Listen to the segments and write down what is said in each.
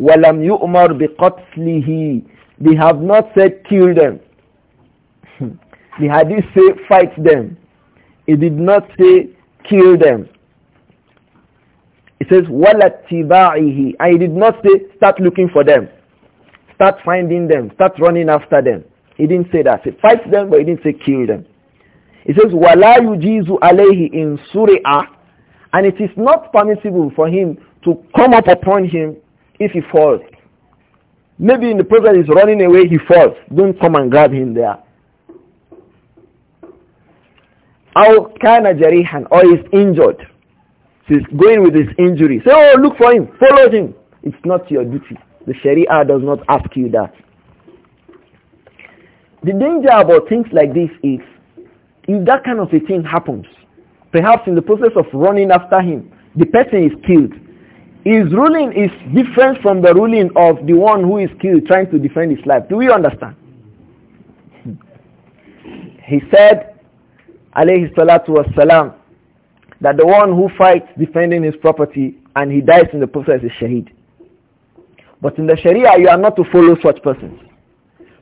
Walam yumar بِقَتْلِهِ They have not said kill them. the hadith say fight them. It did not say kill them. It says وَلَتِّبَاعِهِ I did not say start looking for them. Start finding them. Start running after them. He didn't say that. He said fight them but he didn't say kill them. He says wala يُجِيزُ عَلَيْهِ إِن سُرِعَ And it is not permissible for him to come up upon him if he falls. Maybe in the Prophet is running away, he falls. Don't come and grab him there. Or kana jarihan, or he's injured. So he's going with his injury. Say, oh, look for him. Follow him. It's not your duty. The Sharia does not ask you that. The danger about things like this is, if that kind of a thing happens, perhaps in the process of running after him, the person is killed his ruling is different from the ruling of the one who is killed trying to defend his life. Do we understand? He said, alayhi salatu that the one who fights defending his property and he dies in the process is shaheed. But in the sharia, you are not to follow such persons.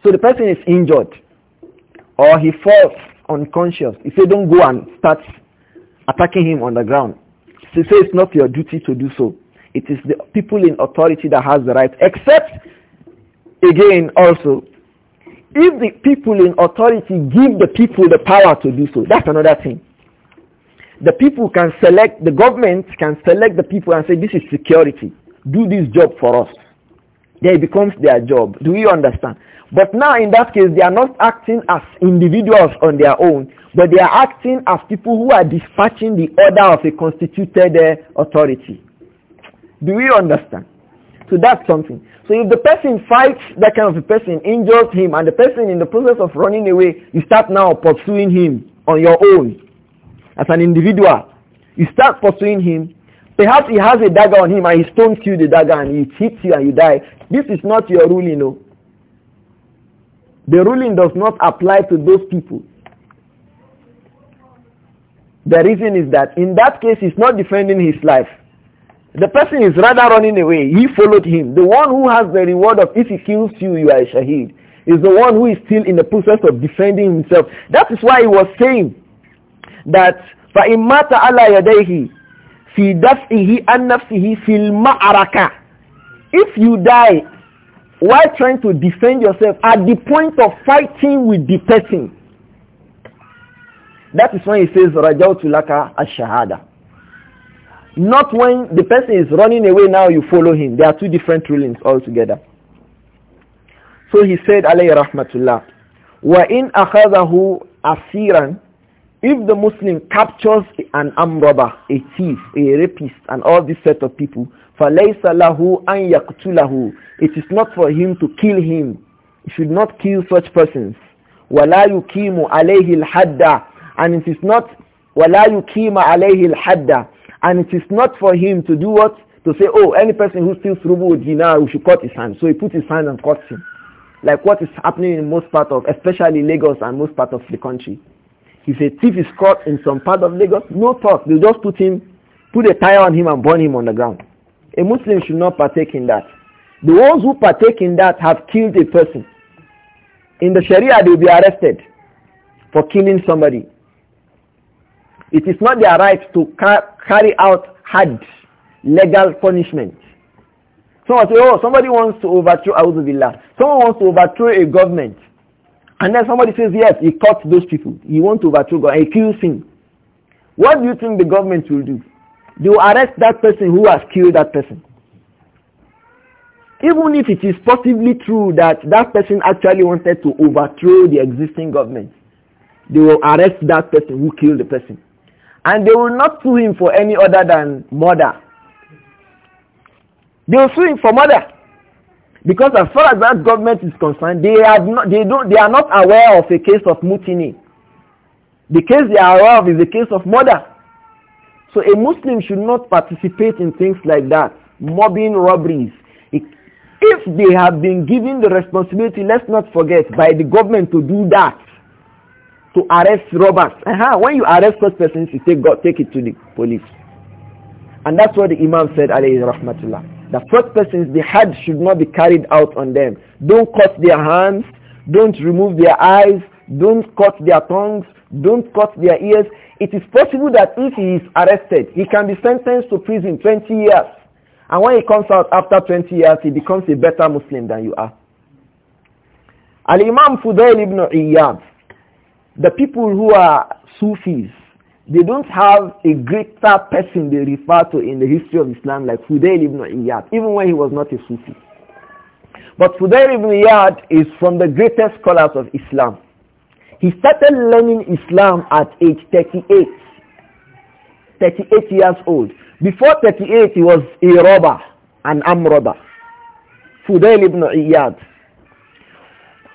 So the person is injured or he falls unconscious. He said, don't go and start attacking him on the ground. He says it's not your duty to do so. It is the people in authority that has the right, except, again, also, if the people in authority give the people the power to do so. That's another thing. The people can select, the government can select the people and say, this is security. Do this job for us. Then it becomes their job. Do you understand? But now in that case, they are not acting as individuals on their own, but they are acting as people who are dispatching the order of a constituted uh, authority. Do we understand? So that's something. So if the person fights that kind of a person, injures him, and the person in the process of running away, you start now pursuing him on your own as an individual. You start pursuing him. Perhaps he has a dagger on him and he stones you the dagger and he hits you and you die. This is not your ruling, no. The ruling does not apply to those people. The reason is that in that case he's not defending his life. The person is rather running away. He followed him. The one who has the reward of if he kills you, you are a shaheed, is the one who is still in the process of defending himself. That is why he was saying that فَإِنْ عَلَى يَدَيْهِ فِي دَفْئِهِ أَنْ فِي الْمَعْرَكَةِ If you die while trying to defend yourself at the point of fighting with the person, that is when he says, رَجَوْتُ لَكَ الشَّهَادَةِ not when the person is running away now you follow him. There are two different rulings altogether. So he said, alayhi rahmatullah, in أَخَذَهُ asiran. If the Muslim captures an armed robber, a thief, a rapist, and all this set of people, فَلَيْسَ لَهُ an يَقْتُلَهُ It is not for him to kill him. He should not kill such persons. وَلَا yukimu عَلَيْهِ الْحَدَّ And it is not وَلَا يُقِيمَ عَلَيْهِ الْحَدَّ and it is not for him to do what? To say, oh, any person who steals rubu with dinar, we should cut his hand. So he put his hand and cuts him. Like what is happening in most part of, especially Lagos and most part of the country. If a thief is caught in some part of Lagos, no thought. They just put him, put a tire on him and burn him on the ground. A Muslim should not partake in that. The ones who partake in that have killed a person. In the Sharia, they will be arrested for killing somebody. It is not their right to car carry out hard legal punishment. Someone say, oh, somebody wants to overthrow Auzubillah. Someone wants to overthrow a government. And then somebody says, yes, he caught those people. He wants to overthrow God. He kills him. What do you think the government will do? They will arrest that person who has killed that person. Even if it is possibly true that that person actually wanted to overthrow the existing government, they will arrest that person who killed the person. And they will not sue him for any other than murder. They will sue him for murder. Because as far as that government is concerned, they, have not, they, don't, they are not aware of a case of mutiny. The case they are aware of is a case of murder. So a Muslim should not participate in things like that, mobbing, robberies. If they have been given the responsibility, let's not forget, by the government to do that, to arrest robbers. Uh -huh. When you arrest such persons, you take, God, take it to the police. And that's what the Imam said, alayhi rahmatullah. The first persons, the had should not be carried out on them. Don't cut their hands. Don't remove their eyes. Don't cut their tongues. Don't cut their ears. It is possible that if he is arrested, he can be sentenced to prison 20 years. And when he comes out after 20 years, he becomes a better Muslim than you are. Al-Imam Fudail ibn Iyad, the people who are Sufis, they don't have a greater person they refer to in the history of Islam like Fudayl ibn Iyad, even when he was not a Sufi. But Fudayl ibn Iyad is from the greatest scholars of Islam. He started learning Islam at age 38. 38 years old. Before 38, he was a robber, an armed robber. Fudayl ibn Iyad.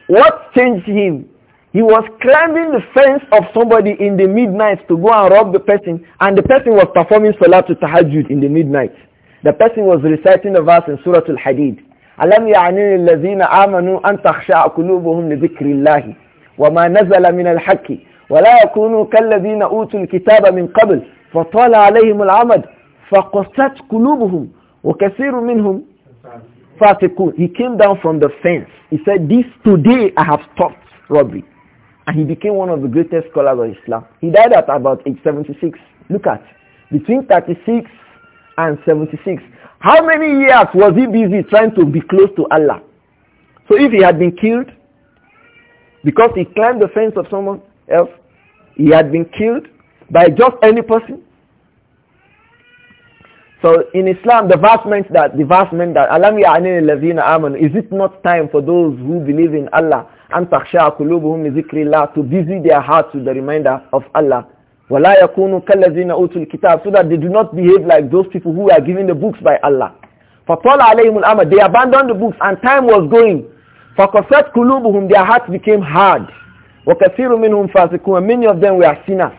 What changed him he was climbing the fence of somebody in the midnight to go and rob the person, and the person was performing Salatul Tahajjud in the midnight. The person was reciting the verse in Surah Al-Hadid. أَلَمْ يَعْنِي الَّذِينَ آمَنُوا أَن تَخْشَعَ قُلُوبُهُمْ لِذِكْرِ اللَّهِ وَمَا نَزَلَ مِنَ الْحَقِّ وَلَا يَكُونُوا كَالَّذِينَ أُوتُوا الْكِتَابَ مِنْ قَبْلِ فَطَالَ عَلَيْهِمُ الْعَمَدُ فَقَسَتْ قُلُوبُهُمْ وَكَثِيرٌ مِنْهُمْ فَاسِقُونَ He came down from the fence. He said, this today I have stopped robbery. And he became one of the greatest scholars of Islam. He died at about age 76. Look at, between 36 and 76. How many years was he busy trying to be close to Allah? So if he had been killed because he climbed the fence of someone else, he had been killed by just any person, so in Islam, the vast meant that, the verse meant that, Alam amanu, is it not time for those who believe in Allah, an takhsha'a kulubuhum to busy their hearts with the reminder of Allah? وَلَا يَكُونُوا كَالَّذِينَ أُوتُوا الْكِتَابِ So that they do not behave like those people who are given the books by Allah. فَطَلَ عَلَيْهِمُ الْأَمَدِ They abandoned the books and time was going. فَقَسَتْ قُلُوبُهُمْ Their hearts became hard. وَكَثِيرٌ مِنْهُمْ فَاسِقُونَ Many of them were sinners.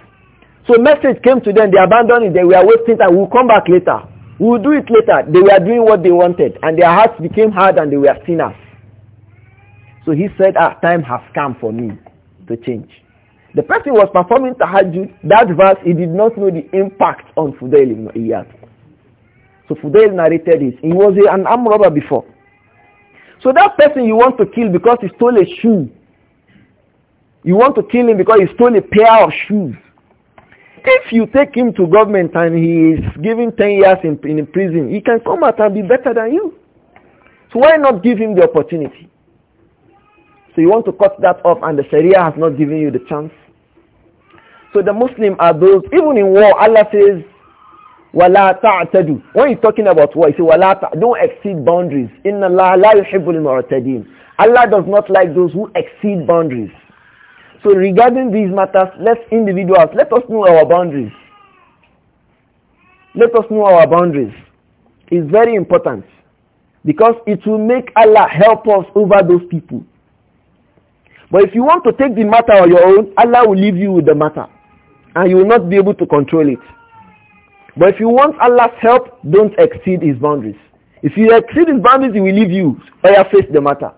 So message came to them, they abandoned it, they were wasting time, we'll come back later. We'll do it later. They were doing what they wanted and their hearts became hard and they were sinners. So he said, ah, time has come for me to change. The person was performing tahajjud. That verse, he did not know the impact on Fudail ibn Iyad. So Fudail narrated this. He was an arm robber before. So that person you want to kill because he stole a shoe. You want to kill him because he stole a pair of shoes. If you take him to government and he is given 10 years in, in prison, he can come out and be better than you. So why not give him the opportunity? So you want to cut that off and the Sharia has not given you the chance. So the Muslim are those, even in war, Allah says, wala ta'tadu. When you talking about war, you say wala don't exceed boundaries. Inna Allah la yuhibbul mu'tadin. Allah does not like those who exceed boundaries. So regarding these matters, let individuals, let us know our boundaries. Let us know our boundaries. It's very important because it will make Allah help us over those people. But if you want to take the matter on your own, Allah will leave you with the matter and you will not be able to control it. But if you want Allah's help, don't exceed his boundaries. If you exceed his boundaries, he will leave you. Or you face the matter.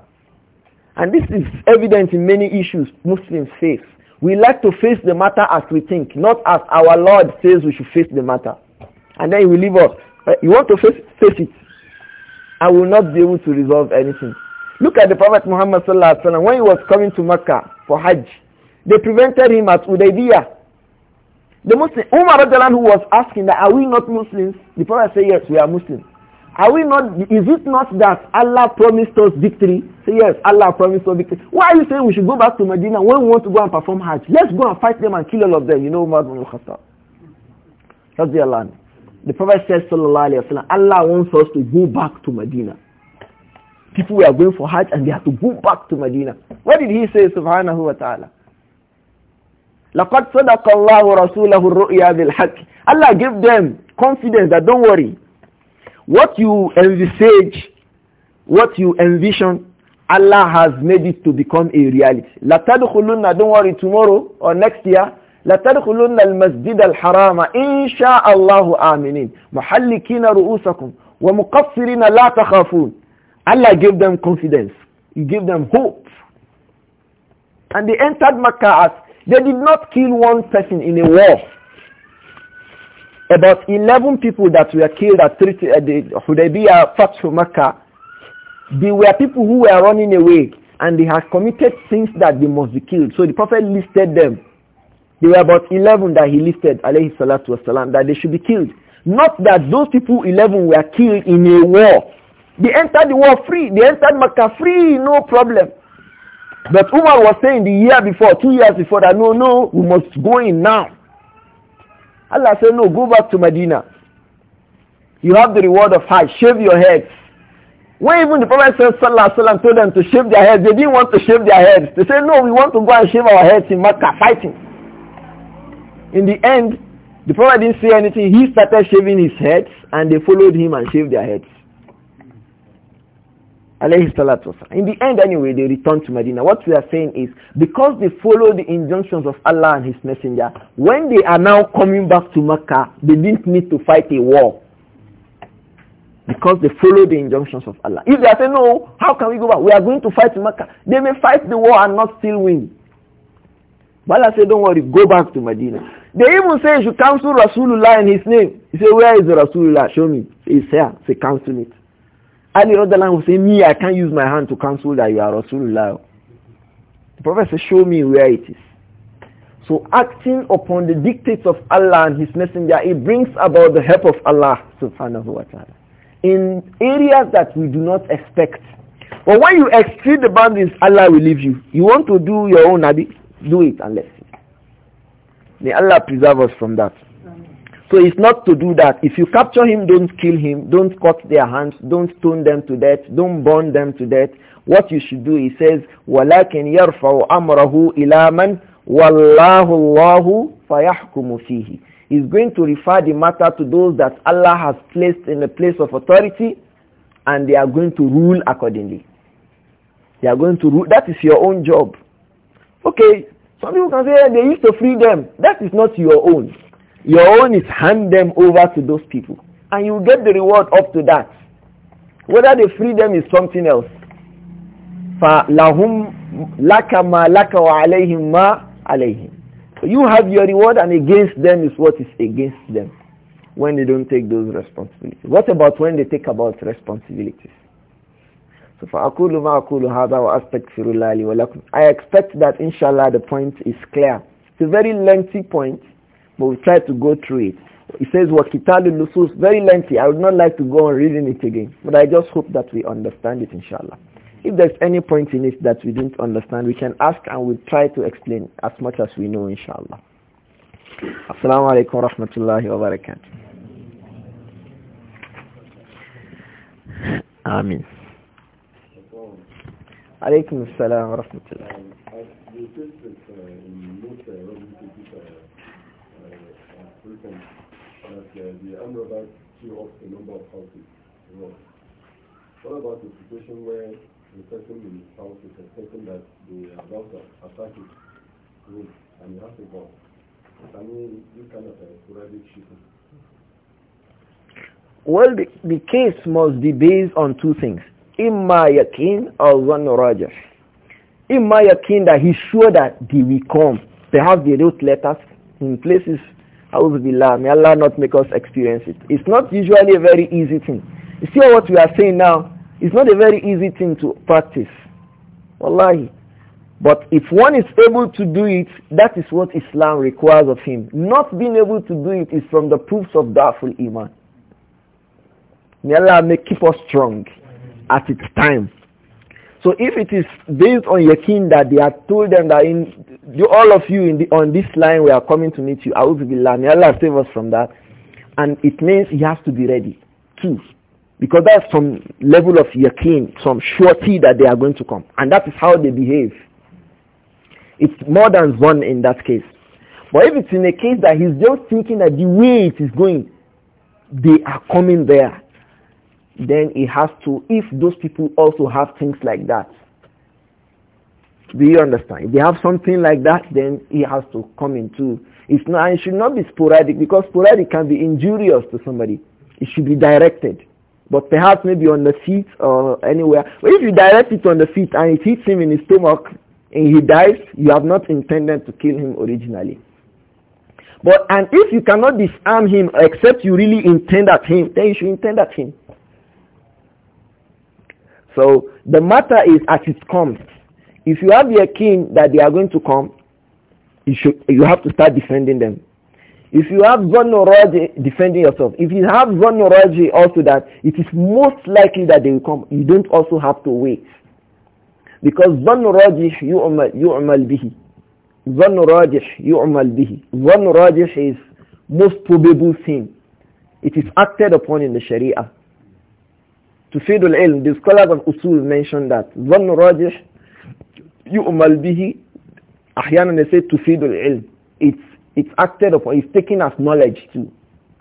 And this is evident in many issues Muslims face. We like to face the matter as we think, not as our Lord says we should face the matter. And then he will leave us. Uh, you want to face, face it. I will not be able to resolve anything. Look at the Prophet Muhammad sallallahu alaihi wasallam when he was coming to Mecca for Hajj. They prevented him at Udaybiyah. The Muslim, Umar who was asking that, are we not Muslims? The Prophet said, yes, we are Muslims. Are we not, is it not that Allah promised us victory? Say yes, Allah promised us victory. Why are you saying we should go back to Medina when we want to go and perform Hajj? Let's go and fight them and kill all of them. You know Umar ibn al-Khattab. That's the Allah. The Prophet said, sallallahu alayhi Allah wants us to go back to Medina. People were going for Hajj and they had to go back to Medina. What did he say, subhanahu wa ta'ala? لَقَدْ صَدَقَ اللَّهُ رَسُولَهُ الرُّؤْيَا بِالْحَقِّ Allah gave them confidence that don't worry, what you envisage, what you envision, Allah has made it to become a reality. لَتَدْخُلُنَّ Don't worry, tomorrow or next year, لَتَدْخُلُنَّ الْمَسْجِدَ الْحَرَامَ إِنْ شَاءَ اللَّهُ آمِنِينَ مُحَلِّكِينَ رُؤُوسَكُمْ وَمُقَفِّرِينَ لَا تَخَافُونَ Allah gave them confidence. He gave them hope. And they entered Makkah as they did not kill one person in a war. About 11 people that were killed at uh, the Hudaybiyah Fathu Makkah, they were people who were running away and they had committed sins that they must be killed. So the Prophet listed them. There were about 11 that he listed, alayhi salatu wasalam, that they should be killed. Not that those people, 11, were killed in a war. They entered the war free. They entered Makkah free, no problem. But Umar was saying the year before, two years before, that no, no, we must go in now. Allah said, no, go back to Medina. You have the reward of Hajj. Shave your heads. When even the Prophet wasallam,' told them to shave their heads, they didn't want to shave their heads. They said, no, we want to go and shave our heads in Makkah, fighting. In the end, the Prophet didn't say anything. He started shaving his heads and they followed him and shaved their heads. In the end anyway, they returned to Medina. What we are saying is, because they follow the injunctions of Allah and His Messenger, when they are now coming back to Mecca, they didn't need to fight a war. Because they follow the injunctions of Allah. If they are saying, no, how can we go back? We are going to fight Mecca. They may fight the war and not still win. But Allah said, don't worry, go back to Medina. They even say you should counsel Rasulullah in his name. He said, where is Rasulullah? Show me. He's here. Say, counsel it. Ali Radalan will say, me, I can't use my hand to counsel that you are Rasulullah. The Prophet says, show me where it is. So acting upon the dictates of Allah and His Messenger, it brings about the help of Allah subhanahu wa ta'ala in areas that we do not expect. But when you exceed the boundaries, Allah will leave you. You want to do your own habit, do it and let May Allah preserve us from that. So it's not to do that. If you capture him, don't kill him. Don't cut their hands. Don't stone them to death. Don't burn them to death. What you should do, he says, وَلَكِنْ يَرْفَعُ أَمْرَهُ إِلَى مَنْ وَاللَّهُ اللَّهُ فَيَحْكُمُ فِيهِ He's going to refer the matter to those that Allah has placed in a place of authority and they are going to rule accordingly. They are going to rule. That is your own job. Okay, some people can say they used to free them. That is not your own. Your own is hand them over to those people. And you get the reward up to that. Whether the freedom is something else. فَلَهُمْ لَكَ مَا لَكَ وَعَلَيْهِمْ مَا عَلَيْهِمْ so You have your reward and against them is what is against them when they don't take those responsibilities. What about when they take about responsibilities? So فَأَقُولُ مَا أَقُولُ هَذَا وَأَسْتَكْفِرُ اللَّهِ وَلَكُمْ I expect that inshallah the point is clear. It's a very lengthy point but we try to go through it. It says Wakitali Nusus, very lengthy. I would not like to go on reading it again. But I just hope that we understand it inshallah. If there's any point in it that we didn't understand, we can ask and we'll try to explain as much as we know inshallah. Assalamu alaikum wa rahmatullahi wa barakatuh. Amin. Alaikum assalam wa that uh, the Amrabat queue up the number of houses wrong. What about the situation where the person in his house is expecting that the attack his room and he has a I mean, this kind of uh, sporadic shooting. Well, the, the case must be based on two things. Imma yakin or zan rajah. Imma yakin that he's sure that they will come. Perhaps they wrote letters in places Billah, may Allah not make us experience it. It's not usually a very easy thing. You see what we are saying now? It's not a very easy thing to practice. Wallahi. But if one is able to do it, that is what Islam requires of him. Not being able to do it is from the proofs of doubtful Iman. May Allah may keep us strong at its time. So if it is based on yakin that they have told them that in, the, all of you the, on this line we are coming to meet you, Auzubillah, may Allah save us from that. And it means he has to be ready too. Because that's some level of yakin, some surety that they are going to come. And that is how they behave. It's more than one in that case. But if it's in a case that he's just thinking that the way it is going, they are coming there then he has to, if those people also have things like that, do you understand? If they have something like that, then he has to come into. It's not, it should not be sporadic because sporadic can be injurious to somebody. It should be directed. But perhaps maybe on the feet or anywhere. But if you direct it on the feet and it hits him in his stomach and he dies, you have not intended to kill him originally. But and if you cannot disarm him except you really intend at him, then you should intend at him. So the matter is as it comes. If you have your king that they are going to come, you, should, you have to start defending them. If you have Zonoraji defending yourself, if you have Zonoraji also that it is most likely that they will come, you don't also have to wait. Because Zonoraji yu'mal bihi. Zonoraji yu'mal bihi. Zonoraji is most probable thing. It is acted upon in the Sharia. تفيد العلم the scholars of usul mentioned that ظن راجح يؤمل به أحيانا they say تفيد العلم it's it's acted upon it's taken as knowledge too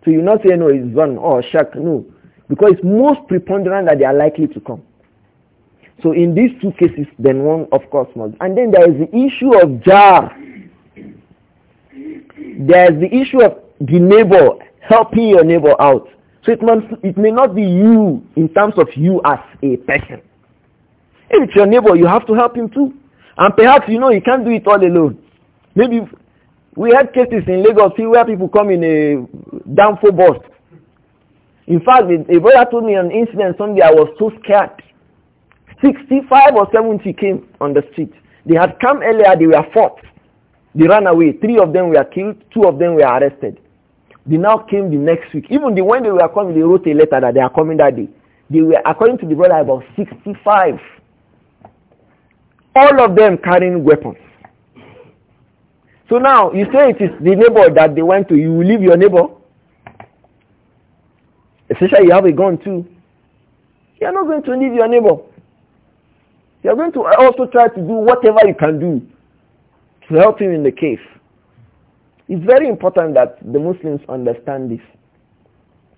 so you not say no it's ظن or shak no because it's most preponderant that they are likely to come so in these two cases then one of course must and then there is the issue of jar there is the issue of the neighbor helping your neighbor out Treatment it, may not be you in terms of you as a person. If it's your neighbor, you have to help him too. And perhaps you know you can't do it all alone. Maybe we had cases in Lagos where people come in a full bus. In fact, a brother told me an incident Sunday I was so scared. 65 or 70 came on the street. They had come earlier, they were fought. They ran away. Three of them were killed, two of them were arrested. They now came the next week. Even the, when they were coming, they wrote a letter that they are coming that day. They were, according to the brother, about 65. All of them carrying weapons. So now, you say it is the neighbor that they went to. You will leave your neighbor. Especially you have a gun too. You are not going to leave your neighbor. You are going to also try to do whatever you can do to help him in the case. It's very important that the Muslims understand this.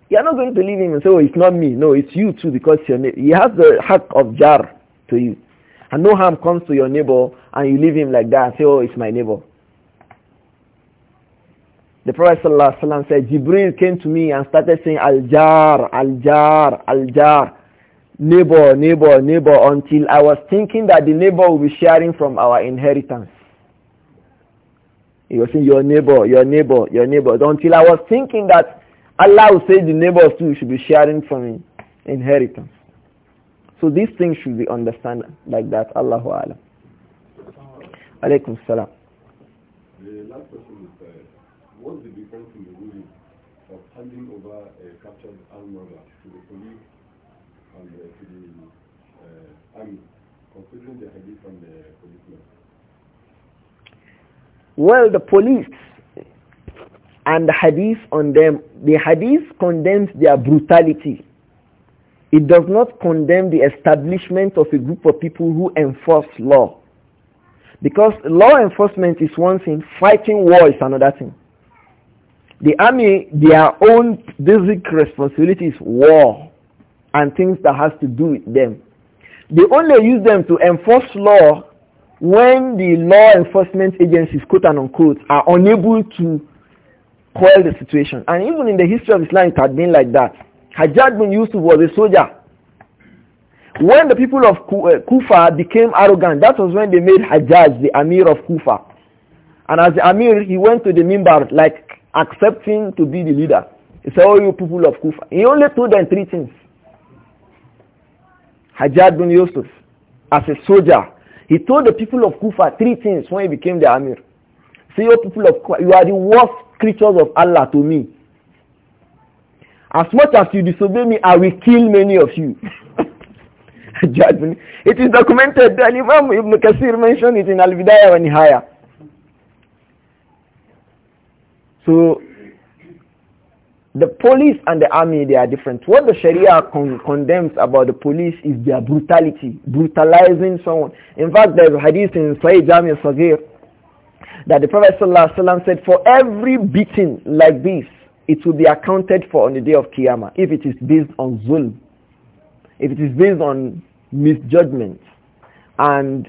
You are not going to leave him and say, oh, it's not me. No, it's you too because your neighbor. He has the haq of jar to you. And no harm comes to your neighbor and you leave him like that and say, oh, it's my neighbor. The Prophet ﷺ said, Jibril came to me and started saying, Al-Jar, Al-Jar, Al-Jar, neighbor, neighbor, neighbor, until I was thinking that the neighbor will be sharing from our inheritance. He was saying, your neighbor, your neighbor, your neighbor. Until I was thinking that Allah will say the neighbors too should be sharing from inheritance. So these things should be understood like that. Allahu Alam. Alaykum Salaam. The last question is, uh, what's the difference in the ruling of handing over a captured armed robber to the police and uh, to the uh, army, considering the hadith from the policeman? Well, the police and the hadith on them, the hadith condemns their brutality. It does not condemn the establishment of a group of people who enforce law. Because law enforcement is one thing, fighting war is another thing. The army, their own basic responsibility is war and things that has to do with them. They only use them to enforce law when the law enforcement agencies, quote and unquote, are unable to quell the situation. And even in the history of Islam, it had been like that. Hajjaj bin Yusuf was a soldier. When the people of uh, Kufa became arrogant, that was when they made Hajjaj the Amir of Kufa. And as the Amir, he went to the Mimbar, like accepting to be the leader. He said, oh, you people of Kufa. He only told them three things. Hajjaj bin Yusuf, as a soldier, he told the people of Kufa three things when he became the Amir. Say, O people of Kufa, you are the worst creatures of Allah to me. As much as you disobey me, I will kill many of you. Judgment. it is documented. Al Imam Ibn Kasir mentioned it in Al-Bidayah wa Nihaya. So the police and the army, they are different. What the Sharia con condemns about the police is their brutality, brutalizing someone. In fact, there's a hadith in Sahih Jami Sagir that the Prophet said, for every beating like this, it will be accounted for on the day of Qiyamah if it is based on zulm, if it is based on misjudgment and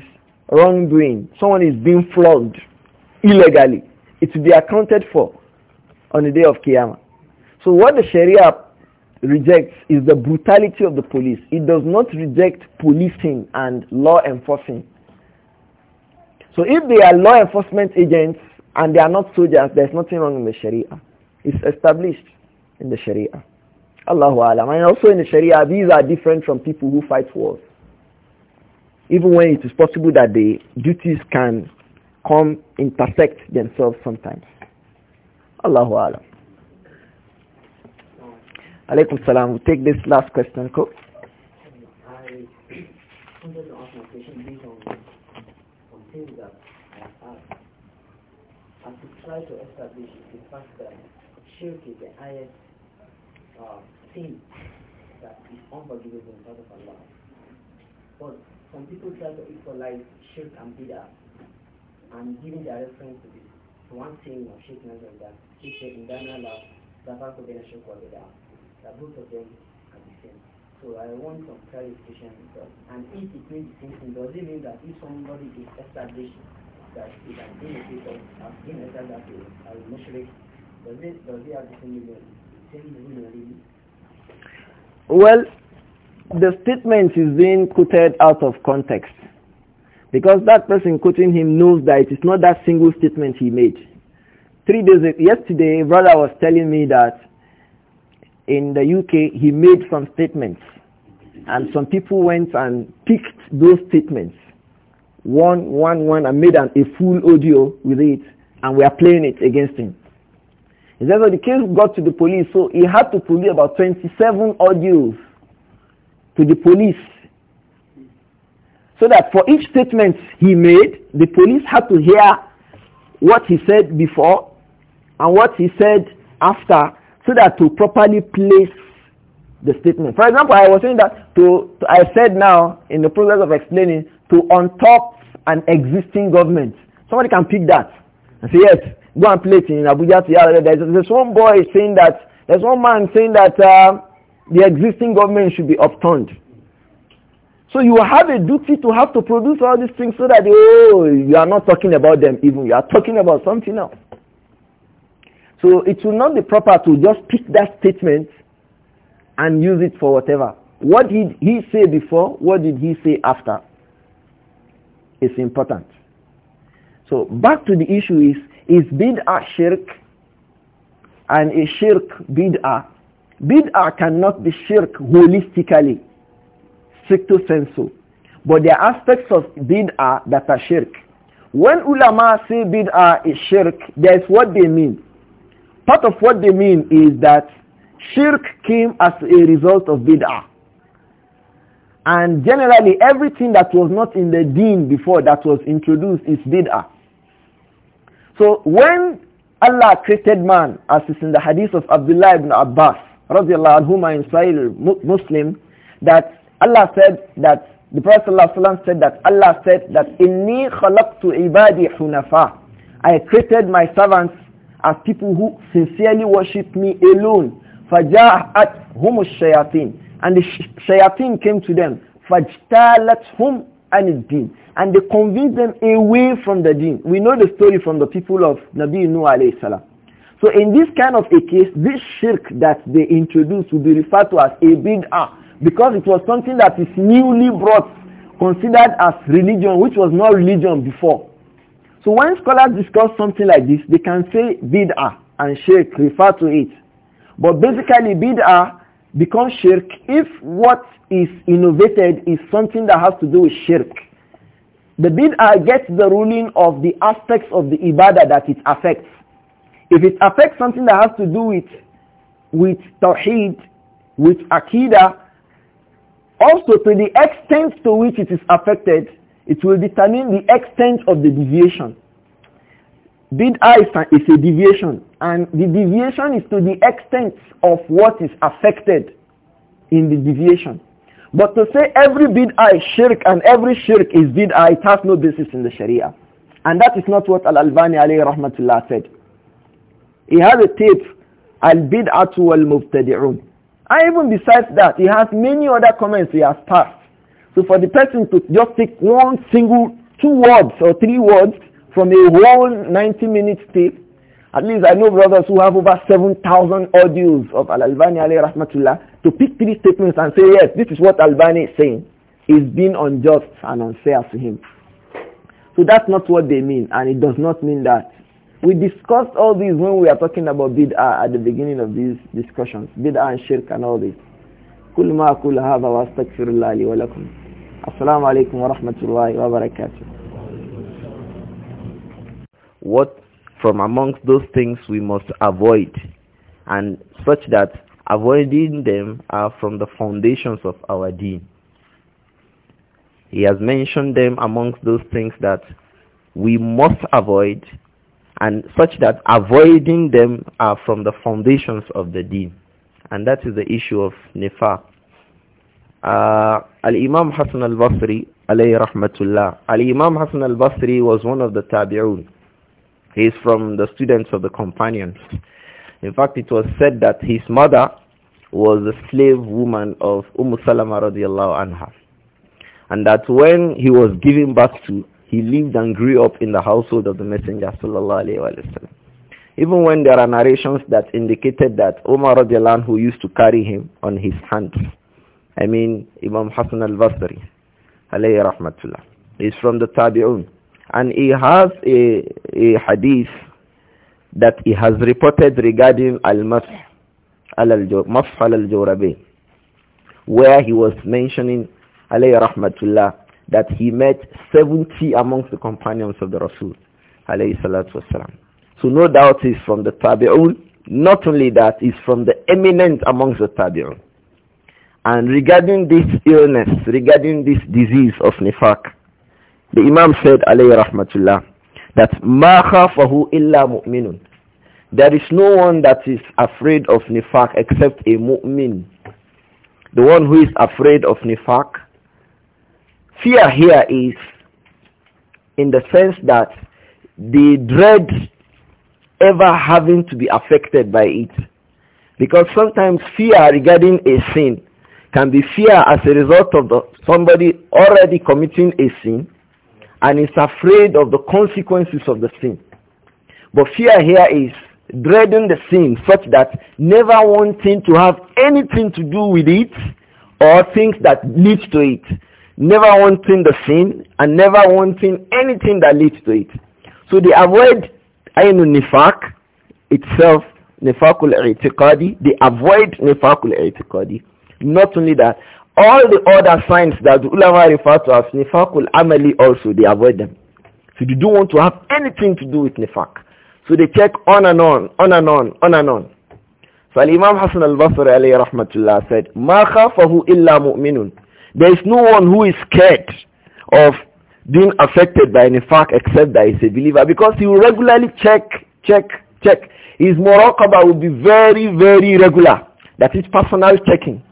wrongdoing. Someone is being flogged illegally. It will be accounted for on the day of Qiyamah. So what the Sharia rejects is the brutality of the police. It does not reject policing and law enforcing. So if they are law enforcement agents and they are not soldiers, there's nothing wrong in the Sharia. It's established in the Sharia. Allahu Alam. And also in the Sharia, these are different from people who fight wars. Even when it is possible that the duties can come intersect themselves sometimes. Allahu Alam. Alaykum salam. We'll take this last question. Cool. try to establish the fact that shirk is the highest uh, that is unforgivable in front of Allah. But some people try to equalize shirk and bidah and giving their reference to this one thing of shirk and that, shirk in Dana Allah, the fact of shirk or bidah that both of them are the same. So I want some clarification. And if it means the same thing, does it mean that if somebody is established that it has been a of has been established as a mushrik, does it does it have the same Same meaning Well, the statement is being quoted out of context because that person quoting him knows that it is not that single statement he made. Three days yesterday, brother was telling me that in the UK, he made some statements. And some people went and picked those statements. One, one, one, and made an, a full audio with it. And we are playing it against him. He said, so the case got to the police, so he had to produce about 27 audios to the police. So that for each statement he made, the police had to hear what he said before and what he said after so that to properly place the statement. For example, I was saying that to, to I said now in the process of explaining to on top an existing government. Somebody can pick that and say yes, go and play it in Abuja. There's, there's one boy saying that there's one man saying that uh, the existing government should be upturned. So you have a duty to have to produce all these things so that oh you are not talking about them even you are talking about something else. So it will not be proper to just pick that statement and use it for whatever. What did he say before? What did he say after? It's important. So back to the issue is, is bid'ah shirk and a shirk bid'ah? Bid'ah cannot be shirk holistically, stricto sensu. But there are aspects of bid'ah that are shirk. When ulama say bid'ah is shirk, that's what they mean. Part of what they mean is that shirk came as a result of bid'ah. And generally, everything that was not in the deen before that was introduced is bid'ah. So when Allah created man, as is in the hadith of Abdullah ibn Abbas, radiallahu anhuma in Sahih Muslim, that Allah said that the Prophet said that Allah said that إِنِّي خَلَقْتُ ibadi hunafa. I created my servants as people who sincerely worship me alone. فَجَاءَتْهُمُ shayatin, And the shayatin came to them. فَاجْتَالَتْهُمْ عَنِ الدِّينِ And they convinced them away from the deen. We know the story from the people of Nabi Nuh alayhi salam. So in this kind of a case, this shirk that they introduced will be referred to as a bid'ah because it was something that is newly brought, considered as religion, which was not religion before. So when scholars discuss something like this, they can say bid'ah and shirk, refer to it. But basically bid'ah becomes shirk if what is innovated is something that has to do with shirk. The bid'ah gets the ruling of the aspects of the ibadah that it affects. If it affects something that has to do with, with tawheed, with akidah, also to the extent to which it is affected, it will determine the extent of the deviation. Bid'ah is a deviation, and the deviation is to the extent of what is affected in the deviation. But to say every bid'ah is shirk and every shirk is bid'ah, it has no basis in the Sharia. And that is not what Al-Albani alayhi rahmatullah said. He has a tape, Al-Bid'atu wal-Mubtadi'un. And even besides that, he has many other comments he has passed so for the person to just take one single, two words or three words from a whole 90-minute tape, at least I know brothers who have over 7,000 audios of Al-Albani alayhi rahmatullah to pick three statements and say, yes, this is what Albani is saying. It's been unjust and unfair to him. So that's not what they mean, and it does not mean that. We discussed all these when we are talking about bid'ah at the beginning of these discussions, bid'ah and shirk and all this. كل ما أقول هذا وأستغفر الله لي ولكم Assalamu alaikum wa rahmatullahi wa What from amongst those things we must avoid and such that avoiding them are from the foundations of our deen. He has mentioned them amongst those things that we must avoid and such that avoiding them are from the foundations of the deen. And that is the issue of nifaq uh, Al-Imam Hassan al-Basri, alayhi rahmatullah. Al-Imam Hassan al-Basri was one of the tabi'un. He is from the students of the companions. In fact, it was said that his mother was a slave woman of Umm Salama radiallahu anha. And that when he was given birth to, he lived and grew up in the household of the Messenger sallallahu alayhi wa Even when there are narrations that indicated that Umar radiallahu anhu used to carry him on his hands I mean Imam Hassan al-Basri, alayhi rahmatullah. He's from the Tabi'un. And he has a, a hadith that he has reported regarding al-masih al-masih al-jawrabain where he was mentioning alayhi rahmatullah that he met 70 amongst the companions of the Rasul alayhi salatu wasalam. So no doubt he's from the Tabi'un. Not only that, he's from the eminent amongst the Tabi'un. And regarding this illness, regarding this disease of nifaq, the Imam said, alayhi rahmatullah, that مَا خَافَهُ إِلَّا مُؤْمِنٌ There is no one that is afraid of nifaq except a mu'min. The one who is afraid of nifaq. Fear here is in the sense that the dread ever having to be affected by it. Because sometimes fear regarding a sin can be fear as a result of the, somebody already committing a sin and is afraid of the consequences of the sin. But fear here is dreading the sin such that never wanting to have anything to do with it or things that lead to it. Never wanting the sin and never wanting anything that leads to it. So they avoid Ainun Nifaq itself, Nifakul I'tiqadi. They avoid nifakul I'tiqadi not only that, all the other signs that ulama refer to as nifakul amali also, they avoid them. So they don't want to have anything to do with nifak. So they check on and on, on and on, on and on. So Imam Hassan al-Basri alayhi rahmatullah said, مَا خَافَهُ illa mu'minun." There is no one who is scared of being affected by nifak except that he's a believer because he will regularly check, check, check. His muraqabah will be very, very regular. That is personal checking.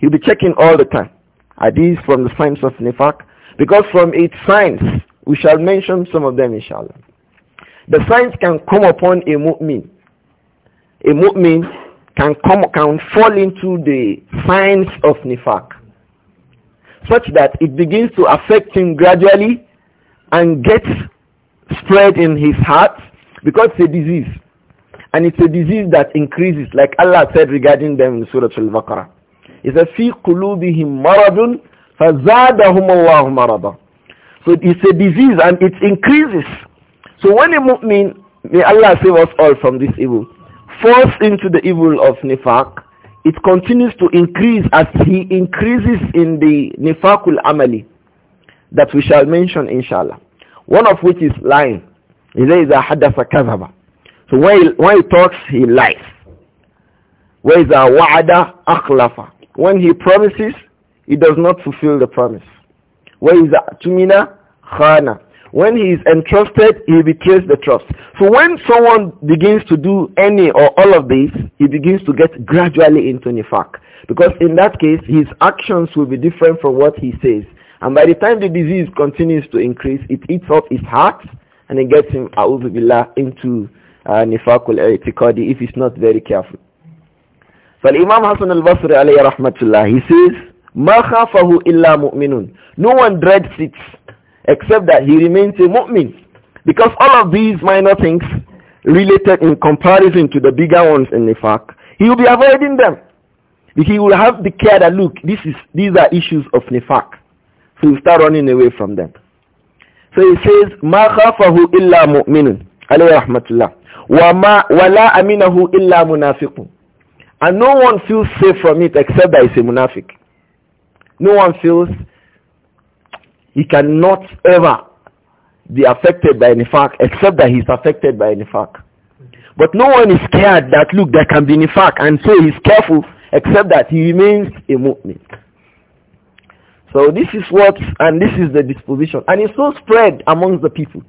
He'll be checking all the time. Are these from the signs of nifak, Because from its signs, we shall mention some of them inshallah. The signs can come upon a mu'min. A mu'min can, come, can fall into the signs of nifak, such that it begins to affect him gradually and gets spread in his heart because it's a disease. And it's a disease that increases, like Allah said regarding them in Surah Al-Baqarah a said, فِي قُلُوبِهِمْ مَرَضٌ فَزَادَهُمَ اللَّهُ مَرَضًا So it's a disease and it increases. So when a mu'min, may Allah save us all from this evil, falls into the evil of nifaq, it continues to increase as he increases in the nifaqul amali that we shall mention inshallah. One of which is lying. He says, حَدَّثَ كَذَبًا So when he, when he talks, he lies. وَإِذَا وَعَدَ أَخْلَفَ when he promises, he does not fulfill the promise. وَإِذَا tumina khana. When he is entrusted, he betrays the trust. So when someone begins to do any or all of these, he begins to get gradually into nifak, Because in that case, his actions will be different from what he says. And by the time the disease continues to increase, it eats up his heart and it gets him, a'udhu billah, into uh, nifaqul itiqadi if he's not very careful. فالإمام حسن البصري عليه رحمة الله he says ما خافه إلا مؤمنون no one dreads it except that he remains a mu'min because all of these minor things related in comparison to the bigger ones in nifaq he will be avoiding them he will have the care that look this is these are issues of nifaq so he'll start running away from them so he says ma khafahu illa mu'minun alayhi rahmatullah wa ma wala aminahu illa munafiqun and no one feels safe from it except that he's a munafiq. No one feels he cannot ever be affected by any fact except that he's affected by any fact. But no one is scared that, look, there can be any fact, And so he's careful except that he remains a mu'min. So this is what, and this is the disposition. And it's so spread amongst the people.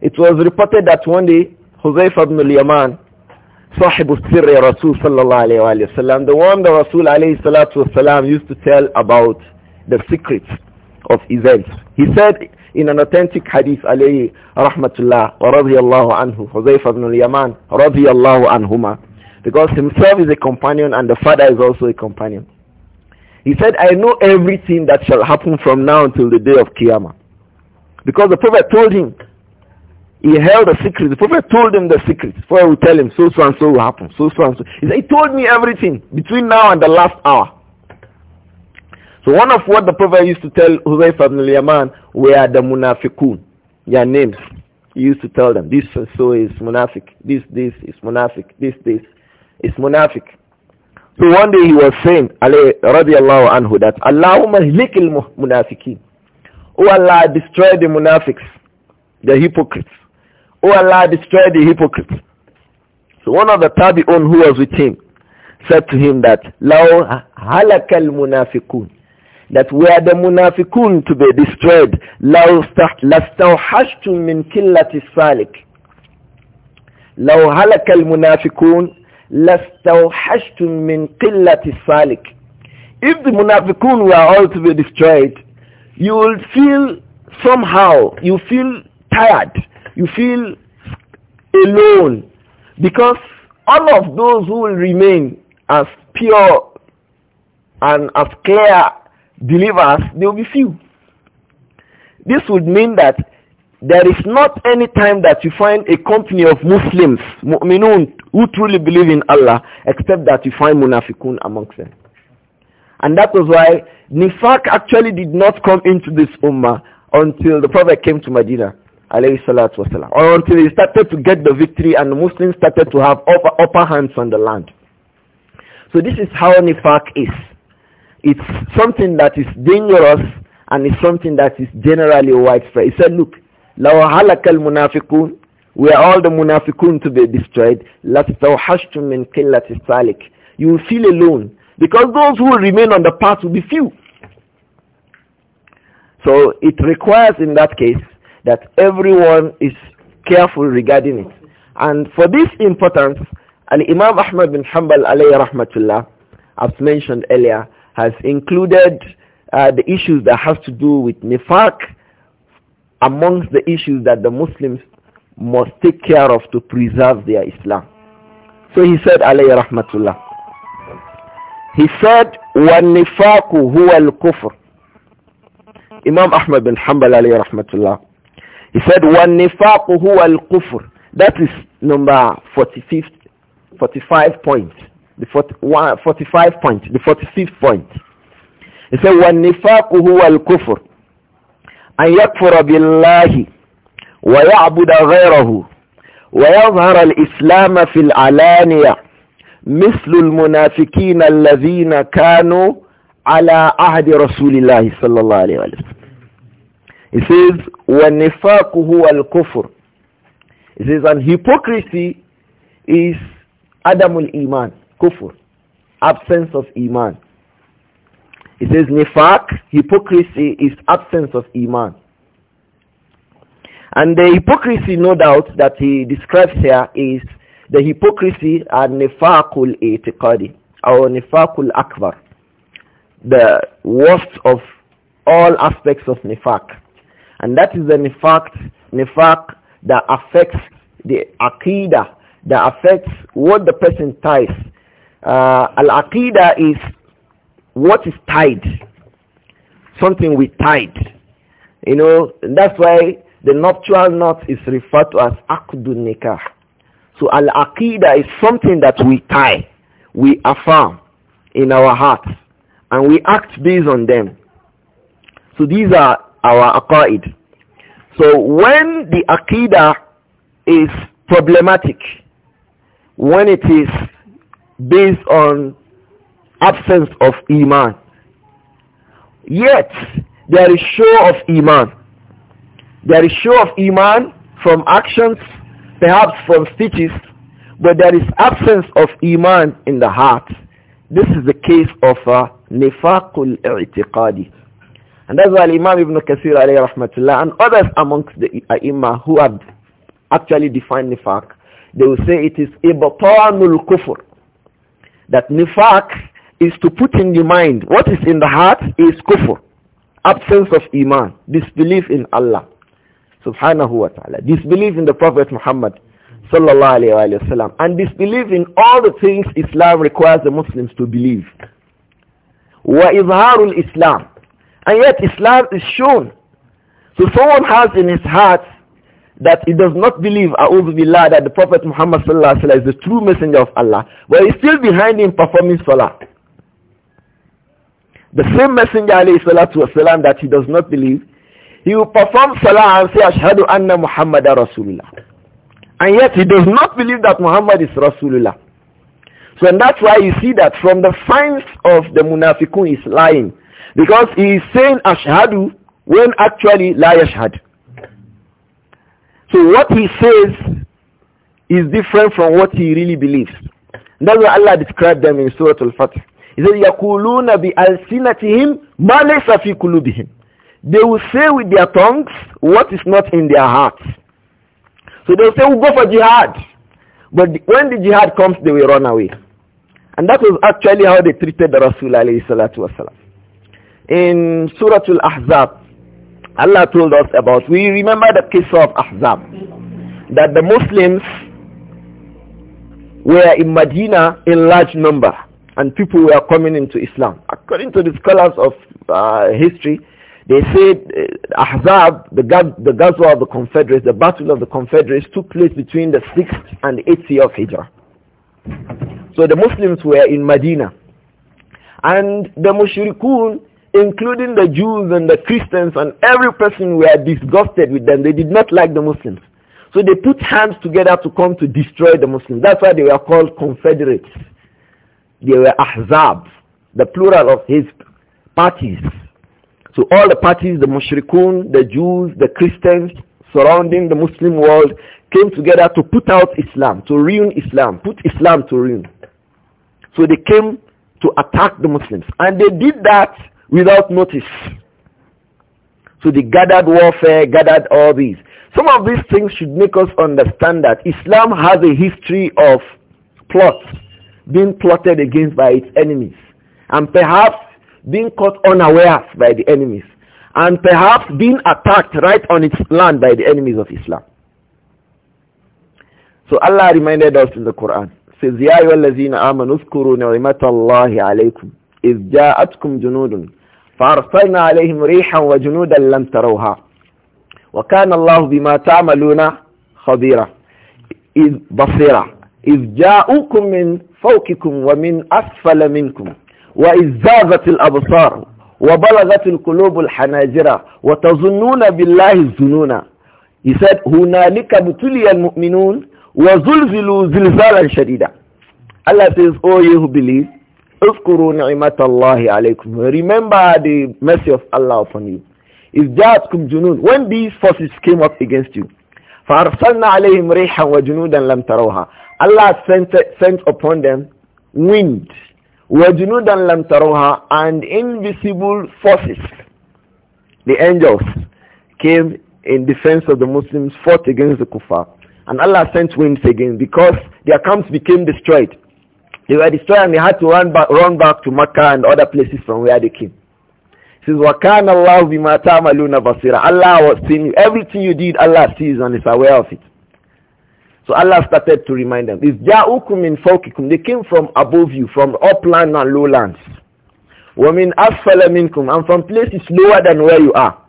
It was reported that one day, Huzaifa ibn al sirri Rasul sallallahu alayhi wa sallam, the one that Rasul alayhi salatu wasalam used to tell about the secrets of events. He said in an authentic hadith alayhi rahmatullah wa radiyallahu anhu, ibn al-Yaman radiyallahu anhuma, because himself is a companion and the father is also a companion. He said, I know everything that shall happen from now until the day of Qiyamah. Because the Prophet told him he held a secret. The Prophet told him the secret. Before Prophet tell him, so, so and so will happen. So, so and so. He said, he told me everything between now and the last hour. So one of what the Prophet used to tell Huzayf ibn al-Yaman were the munafiqun, their names. He used to tell them, this so, is munafiq, this, this is munafiq, this, this is munafiq. So one day he was saying, radiallahu anhu, that Allahumma hilikil munafiqin. Oh Allah, destroy the munafiqs, the hypocrites. O Allah, destroy the hypocrites. So one of the tabi'un who was with him said to him that, لَوْ هَلَكَ الْمُنَافِقُونَ That were the munafiqun to be destroyed, لَوْ لَسْتَوْحَشْتُمْ مِنْ كِلَّةِ السَّالِكِ لَوْ هَلَكَ الْمُنَافِقُونَ لَسْتَوْحَشْتُمْ مِنْ قِلَّةِ السَّالِكِ If the munafiqun were all to be destroyed, you will feel somehow, you feel tired you feel alone because all of those who will remain as pure and as clear believers, they will be few. This would mean that there is not any time that you find a company of Muslims, mu'minun, who truly believe in Allah, except that you find munafikun amongst them. And that was why Nifaq actually did not come into this ummah until the Prophet came to Medina alayhi salatu wasalam, or until he started to get the victory and the Muslims started to have upper, upper hands on the land. So this is how nifaq is. It's something that is dangerous and it's something that is generally widespread. He said, look, لَوْ هَلَكَ الْمُنَافِقُونَ are all the munafiqun to be destroyed, لَسْتَوْحَشْتُمْ مِنْ قِلَّةِ السَّالِكِ You will feel alone because those who remain on the path will be few. So it requires in that case that everyone is careful regarding it. And for this importance, imam Ahmad bin Hanbal alayhi rahmatullah, as mentioned earlier, has included uh, the issues that has to do with nifaq amongst the issues that the Muslims must take care of to preserve their Islam. So he said alayhi rahmatullah. He said, وَالنِّفَاقُ هُوَ الْكُفْرِ Imam Ahmad bin Hanbal alayhi rahmatullah He said, وَالنِّفَاقُ هُوَ الْكُفْرِ That is number 45, 45 point. The 40, 45 point. The 45th point. He said, وَالنِّفَاقُ هُوَ الْكُفْرِ أَنْ يَكْفُرَ بِاللَّهِ وَيَعْبُدَ غَيْرَهُ ويظهر الإسلام في العلانية مثل المنافقين الذين كانوا على عهد رسول الله صلى الله عليه وسلم It says, al الْكُفْرُ It says, and hypocrisy is adamul iman, kufr, absence of iman. It says, nifaq, hypocrisy is absence of iman. And the hypocrisy, no doubt, that he describes here is the hypocrisy and nifaqul itiqadi, or nifaqul akbar, the worst of all aspects of nifaq. And that is the nifaq, nifaq that affects the aqidah, that affects what the person ties. Uh, Al-aqidah is what is tied, something we tied. You know, that's why the nuptial knot is referred to as akdun nikah. So al-aqidah is something that we tie, we affirm in our hearts, and we act based on them. So these are our aqaid. So when the aqidah is problematic, when it is based on absence of iman, yet there is show of iman. There is show of iman from actions, perhaps from speeches, but there is absence of iman in the heart. This is the case of uh, nifaqul i'tiqadi and that's why Imam Ibn Kathir alayhi rahmatullah and others amongst the Aima who have actually defined nifaq, they will say it is ibtanul kufr. That nifaq is to put in the mind what is in the heart is kufr. Absence of iman, disbelief in Allah subhanahu wa ta'ala, disbelief in the Prophet Muhammad sallallahu alayhi wa sallam, and disbelief in all the things Islam requires the Muslims to believe. Wa izharul Islam and yet Islam is shown. So someone has in his heart that he does not believe, A'udhu that the Prophet Muhammad Sallallahu Alaihi Wasallam is the true messenger of Allah. But he's still behind him performing Salah. The same messenger alayhi salatu wasalam that he does not believe, he will perform Salah and say, Ashhadu anna Muhammad Rasulullah. And yet he does not believe that Muhammad is Rasulullah. So and that's why you see that from the signs of the munafiqun is lying. Because he is saying ashhadu when actually la yashhad. So what he says is different from what he really believes. that's why Allah described them in Surah Al-Fatih. He said, يَقُولُونَ بِأَلْسِنَتِهِمْ مَا لَيْسَ فِي قُلُوبِهِمْ They will say with their tongues what is not in their hearts. So they'll say, we'll go for jihad. But when the jihad comes, they will run away. And that was actually how they treated the Rasul alayhi salatu wasalam in Surah Al-Ahzab, Allah told us about, we remember the case of Ahzab, that the Muslims were in Medina in large number and people were coming into Islam. According to the scholars of uh, history, they said uh, Ahzab, the, the Ghazwa of the Confederates, the Battle of the Confederates took place between the 6th and 8th year of Hijrah. So the Muslims were in Medina. And the Mushrikun including the Jews and the Christians and every person were disgusted with them. They did not like the Muslims. So they put hands together to come to destroy the Muslims. That's why they were called confederates. They were ahzab, the plural of his parties. So all the parties, the mushrikun, the Jews, the Christians surrounding the Muslim world came together to put out Islam, to ruin Islam, put Islam to ruin. So they came to attack the Muslims. And they did that without notice. So the gathered warfare, gathered all these. Some of these things should make us understand that Islam has a history of plots being plotted against by its enemies and perhaps being caught unawares by the enemies and perhaps being attacked right on its land by the enemies of Islam. So Allah reminded us in the Quran, says, يَا أَيُّهَا الَّذِينَ آمَنُوا اذْكُرُوا نِعْمَةَ اللَّهِ عَلَيْكُمْ إِذْ جَاءَتْكُمْ جُنُودٌ فأرسلنا عليهم ريحا وجنودا لم تروها وكان الله بما تعملون خبيرا إذ بصيرا إذ جاءوكم من فوقكم ومن أسفل منكم وإذ زاغت الأبصار وبلغت القلوب الحناجر وتظنون بالله الظنون He said هنالك ابتلي المؤمنون وزلزلوا زلزالا شديدا Allah says, oh, you who believe, اذكروا نعمة الله عليكم. Remember the mercy of Allah upon you. If جاءتكم جنود when these forces came up against you فأرسلنا عليهم ريحا وجنودا لم تروها Allah sent, sent upon them wind وجنودا لم تروها and invisible forces the angels came in defense of the Muslims fought against the kuffar and Allah sent winds again because their camps became destroyed they were destroyed and they had to run back, run back to Makkah and other places from where they came. It says, وَكَانَ اللَّهُ بِمَا تَعْمَلُونَ بَصِيرًا Allah was seeing you. Everything you did, Allah sees and is aware of it. So Allah started to remind them. It's جَاءُكُمْ مِنْ فَوْقِكُمْ They came from above you, from upland and lowlands. وَمِنْ أَسْفَلَ مِنْكُمْ And from places lower than where you are.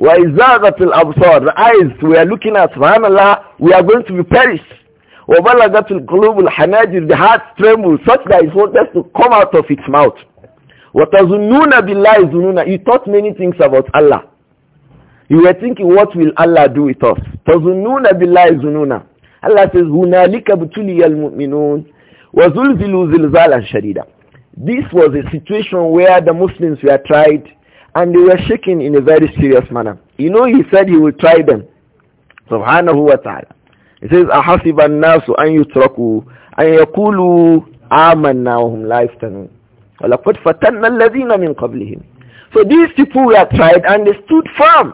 وَإِذَا ذَتِ الْأَبْصَارِ The eyes we are looking at, subhanAllah, we are going to be perished. وَبَلَغَتِ الْقُلُوبُ الْحَنَاجِرُ The heart trembles such that it wanted to come out of its mouth. وَتَظُنُّونَ بِاللَّهِ ظُنُونَ You thought many things about Allah. You were thinking, what will Allah do with us? تَظُنُّونَ بِاللَّهِ ظُنُونَ Allah says, هُنَالِكَ بُتُلِيَ الْمُؤْمِنُونَ وَزُلْزِلُوا زِلْزَالًا شَدِيدًا This was a situation where the Muslims were tried and they were shaken in a very serious manner. You know, he said he will try them. Subhanahu wa ta'ala it says ahasiba an-nasu an yutraku an yaqulu amanna wa hum la yaftanun walaqad fatanna alladhina min qablihim so these people were tried and they stood firm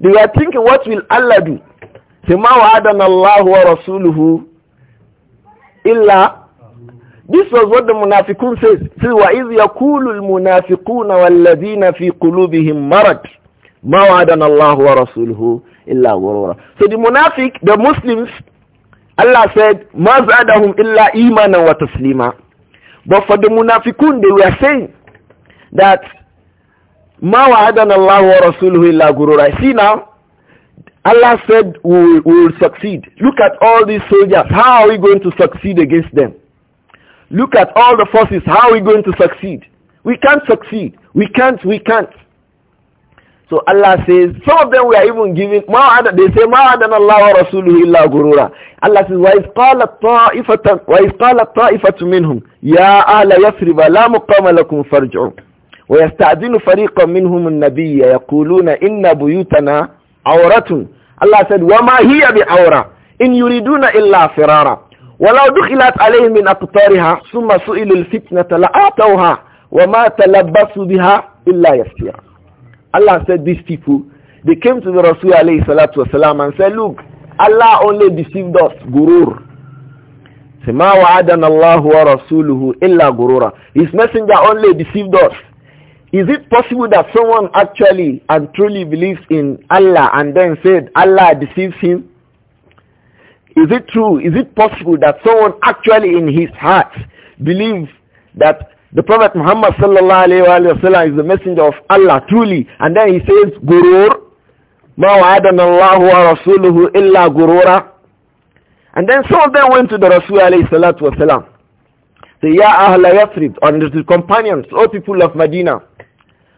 they were thinking what will allah do thumma allah wa rasuluhu illa This was what the munafiqun says. See, وَإِذْ يَقُولُ الْمُنَافِقُونَ وَالَّذِينَ فِي قُلُوبِهِمْ مَرَدٍ مَا وَعَدَنَ اللَّهُ وَرَسُولُهُ illa ghurura. So the munafiq, the Muslims, Allah said, مَا illa إِلَّا wa taslima." But for the munafiqun, they were saying that مَا Allah wa Rasuluhu illa ghurura. See now, Allah said we will, we will succeed. Look at all these soldiers. How are we going to succeed against them? Look at all the forces. How are we going to succeed? We can't succeed. We can't, we can't. So Allah says, some of them were even giving, they say, مَا عَدَنَ اللَّهُ وَرَسُولُهُ إِلَّا غُرُورًا Allah says, وَإِذْ قَالَتْ طَائِفَةٌ وَإِذْ قَالَتْ طَائِفَةٌ مِنْهُمْ يَا أَهْلَ يَثْرِبَ لَا مُقَامَ لَكُمْ فَارْجِعُوا وَيَسْتَأْذِنُ فريقا مِنْهُمُ النَّبِيَّ يَقُولُونَ إِنَّ بُيُوتَنَا عَوْرَةٌ Allah said, وَمَا هِيَ بِعَوْرَةٍ إِنْ يُرِيدُونَ إِلَّا فِرَارًا وَلَوْ دُخِلَتْ عَلَيْهِمْ مِنْ أَقْطَارِهَا ثُمَّ سُئِلُوا الْفِتْنَةَ لَأَعْطَوْهَا وَمَا تَلَبَّسُوا بِهَا إِلَّا يَسِيرًا Allah said these people, they came to the Rasul alayhi salatu wasalam and said, look, Allah only deceived us, gurur. Ma wa'adana Allah wa rasuluhu illa gurura. His messenger only deceived us. Is it possible that someone actually and truly believes in Allah and then said Allah deceives him? Is it true? Is it possible that someone actually in his heart believes that the Prophet Muhammad sallallahu alayhi wa is the messenger of Allah, truly. And then he says, Gurur. مَا وَعَدَنَا اللَّهُ وَرَسُولُهُ إِلَّا غُرُورًا And then some of them went to the Rasul alayhi salatu Say, Ya Ahla Yathrib, and the companions, all people of Medina,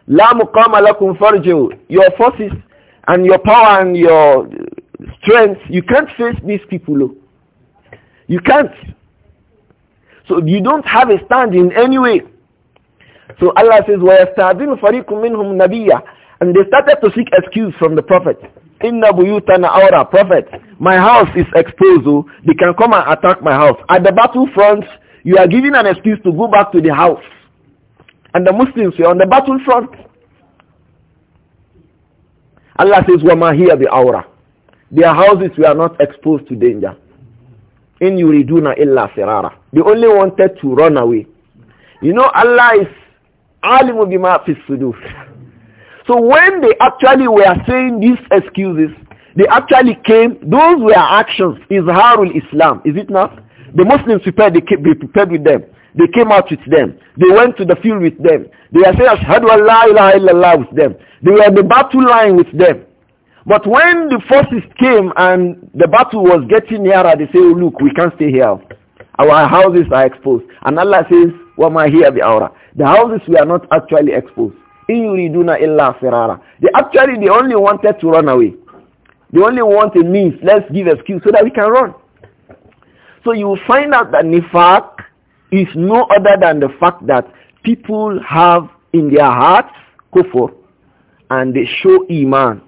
La muqama lakum farjiu. Your forces and your power and your strength, you can't face these people. Oh. You can't. So you don't have a stand in any way. So Allah says, وَيَسْتَعْذِنُ فَرِيقٌ مِّنْهُمْ نَبِيًّا And they started to seek excuse from the Prophet. Inna buyutana awra, Prophet, my house is exposed. Oh. They can come and attack my house. At the battlefront, you are given an excuse to go back to the house. And the Muslims were on the battlefront. Allah says, وَمَا هِيَ بِأَوْرَةٍ Their houses were not exposed to danger. In yuriduna illa firara. They only wanted to run away. You know Allah is alimu bima fi sudur. So when they actually were saying these excuses, they actually came, those were actions, harul Islam, is it not? The Muslims prepared, they, came, they prepared with them. They came out with them. They went to the field with them. They were saying, Ashhadu Allah ilaha illallah with them. They were about the battle line with them. But when the forces came and the battle was getting nearer, they say, oh, look, we can't stay here. Our houses are exposed. And Allah says, وَمَا هِيَ بِأَوْرَى The houses were not actually exposed. إِن يُرِيدُونَ إِلَّا فِرَارًا They actually, they only wanted to run away. They only want a means. Let's give excuse so that we can run. So you will find out that nifaq is no other than the fact that people have in their hearts kufr and they show iman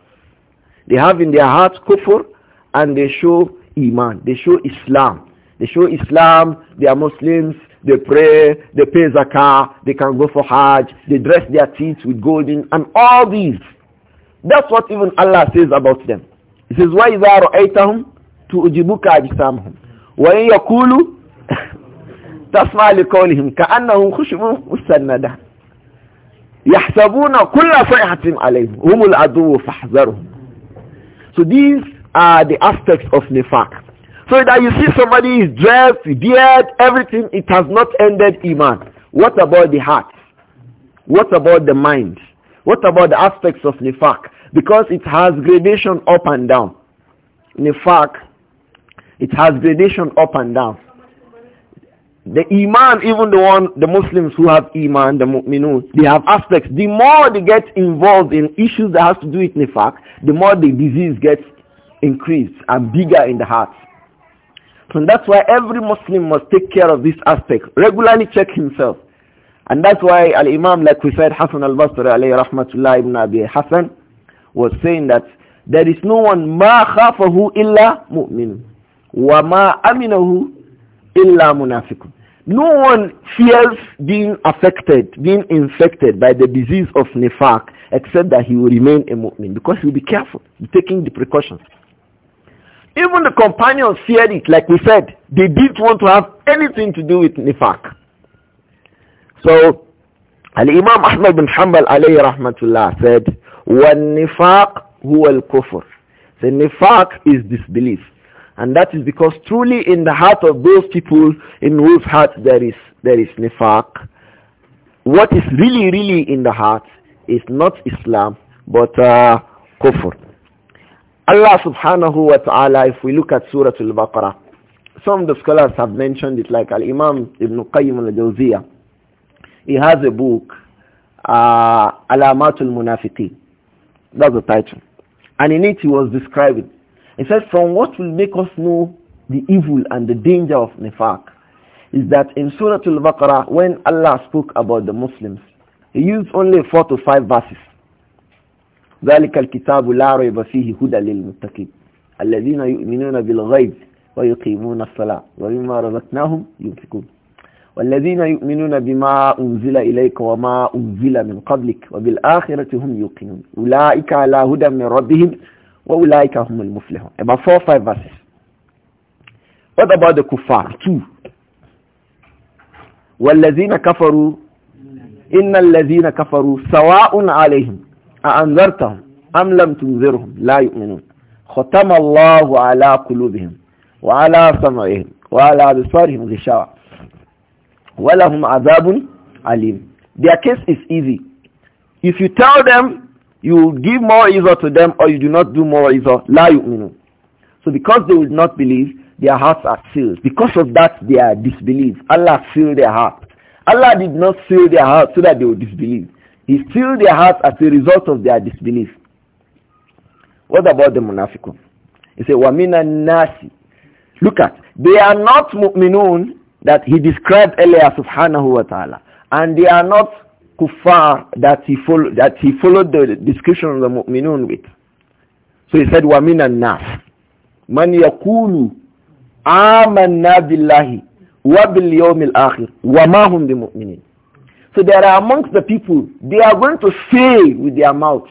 they have in their hearts kufr and they show iman. They show Islam. They show Islam. They are Muslims. They pray. They pay zakah. They can go for hajj. They dress their teeth with golden and all these. That's what even Allah says about them. He says, "Why وَإِذَا رَأَيْتَهُمْ تُؤْجِبُكَ أَجْسَامُهُمْ وَإِنْ يَقُولُوا تسمع لقولهم كأنهم خشب مسندة يحسبون كل صيحة عليهم هم العدو فاحذرهم so these are the aspects of nifaq. So that you see somebody is dressed, beard, everything, it has not ended iman. What about the heart? What about the mind? What about the aspects of nifaq? Because it has gradation up and down. Nifaq, it has gradation up and down. The Iman, even the one, the Muslims who have Iman, the Mu'minun, they have aspects. The more they get involved in issues that has to do with Nifaq, the more the disease gets increased and bigger in the heart. So that's why every Muslim must take care of this aspect. Regularly check himself. And that's why Al-Imam, like we said, Hassan al-Basri alayhi rahmatullah ibn Abi Hassan, was saying that there is no one ma khafahu illa mu'min wa ma aminahu illa munafiqun. No one fears being affected, being infected by the disease of nifaq, except that he will remain a mu'min because he will be careful, taking the precautions. Even the companions feared it, like we said. They didn't want to have anything to do with nifaq. So, Al-Imam Ahmad bin Hanbal alayhi rahmatullah said, وَالنِّفَاقُ هُوَ الْكُفْرُ The nifaq is disbelief. And that is because truly in the heart of those people in whose heart there is, there is nifaq, what is really, really in the heart is not Islam, but uh, kufr. Allah subhanahu wa ta'ala, if we look at Surah Al-Baqarah, some of the scholars have mentioned it, like Al-Imam Ibn Qayyim al-Jawziyah. He has a book, uh, Alamatul Munafiqeen. That's the title. And in it he was describing he said, from what will make us know the evil and the danger of nifaq is that in Surah Al-Baqarah, when Allah spoke about the Muslims, he used only four to five verses. ذلك الكتاب لا ريب فيه هدى للمتقين الذين يؤمنون بالغيب ويقيمون الصلاة ومما رزقناهم ينفقون والذين يؤمنون بما أنزل إليك وما أنزل من قبلك وبالآخرة هم يوقنون أولئك على هدى من ربهم وَأُولَٰئِكَ هُمُ الْمُفْلِحُونَ About four or five verses. What about the kuffar? Two. وَالَّذِينَ كَفَرُوا إِنَّ الَّذِينَ كَفَرُوا سَوَاءٌ عَلَيْهِمْ أَأَنذَرْتَهُمْ أَمْ لَمْ تُنذِرْهُمْ لَا يُؤْمِنُونَ ختم الله على قلوبهم وعلى سمعهم وعلى بصارهم غشاوة ولهم عذاب عليم Their case is easy. If you tell them You give more Izzah to them or you do not do more Izzah. So because they would not believe, their hearts are sealed. Because of that, they are disbelieved. Allah sealed their hearts. Allah did not seal their hearts so that they would disbelieve. He sealed their hearts as a result of their disbelief. What about the munafiqun? He said, "Wamina nasi. Look at, they are not mu'minun that he described earlier subhanahu wa ta'ala. And they are not kuffar that he followed that he followed the description of the mu'minun with. So he said wa minan nas man yakulu amanna billahi wa bil yawmil akhir wa ma hum bimu'minin. So there are amongst the people they are going to say with their mouth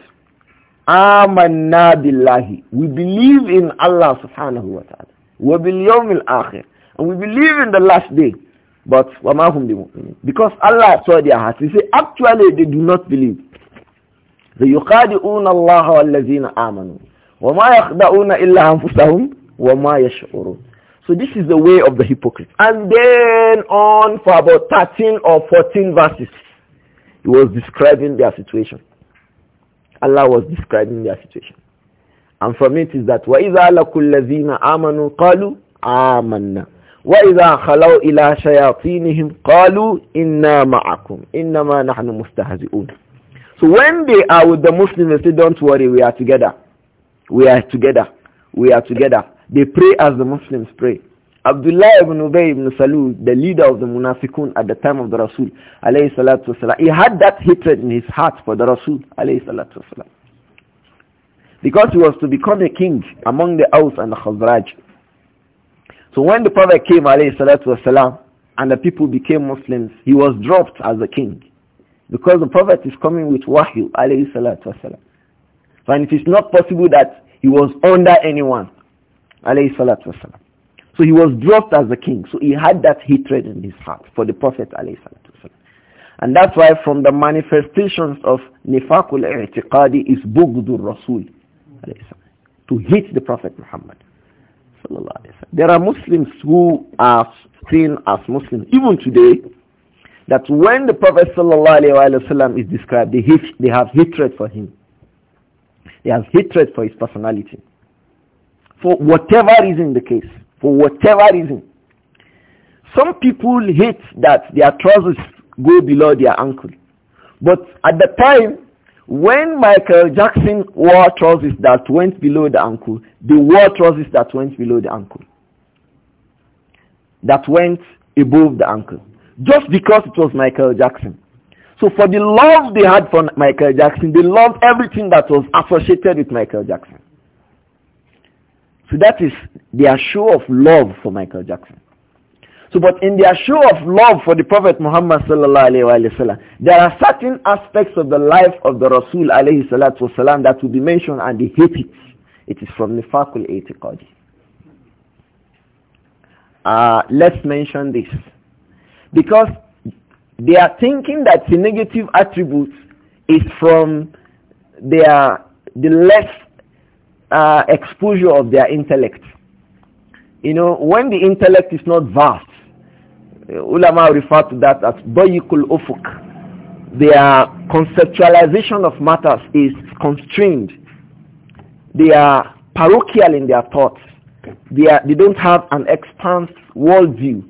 amanna billahi we believe in Allah subhanahu wa ta'ala wa bil yawmil akhir and we believe in the last day but وَمَا Because Allah saw their hearts. He said, actually they do not believe. الله والذين آمنوا وما يخدعون إلا أنفسهم وما يشعرون So this is the way of the hypocrite. And then on for about 13 or 14 verses, he was describing their situation. Allah was describing their situation. And from it is that وَإِذَا لَكُوا الَّذِينَ آمَنُوا قَالُوا آمَنَّا وَإِذَا خَلَوْا إِلَى شَيَاطِينِهِمْ قَالُوا إِنَّا مَعَكُمْ إِنَّمَا نَحْنُ مُسْتَهْزِئُونَ So when they are with the Muslims, they say, don't worry, we are together. We are together. We are together. They pray as the Muslims pray. Abdullah ibn Ubay ibn Salul, the leader of the Munafiqun at the time of the Rasul, alayhi salatu wasalam, he had that hatred in his heart for the Rasul, alayhi salatu wasalam. Because he was to become a king among the Aus and the Khazraj. So when the Prophet came, والسلام, and the people became Muslims, he was dropped as a king. Because the Prophet is coming with wahyu, alayhi salatu And it is not possible that he was under anyone, alayhi salatu So he was dropped as a king. So he had that hatred in his heart for the Prophet, alayhi salatu And that's why from the manifestations of nifaqul i'tiqadi is bughdur rasul, to hate the Prophet Muhammad. There are Muslims who are seen as Muslims, even today, that when the Prophet is described, they, they have hatred for him. They have hatred for his personality. For whatever reason the case, for whatever reason. Some people hate that their trousers go below their ankle. But at the time, when Michael Jackson wore trousers that went below the ankle, they wore trousers that went below the ankle. That went above the ankle. Just because it was Michael Jackson. So for the love they had for Michael Jackson, they loved everything that was associated with Michael Jackson. So that is their show of love for Michael Jackson. So, but in their show of love for the Prophet Muhammad sallallahu alayhi wa there are certain aspects of the life of the Rasul alayhi salatu wasalam that will be mentioned and they hate it. It is from Nifakul Itiqadi. Uh, let's mention this. Because they are thinking that the negative attributes is from their, the less uh, exposure of their intellect. You know, when the intellect is not vast, ulama refer to that as doyikul ufuk. Their conceptualization of matters is constrained. They are parochial in their thoughts. They, are, they don't have an expansive worldview.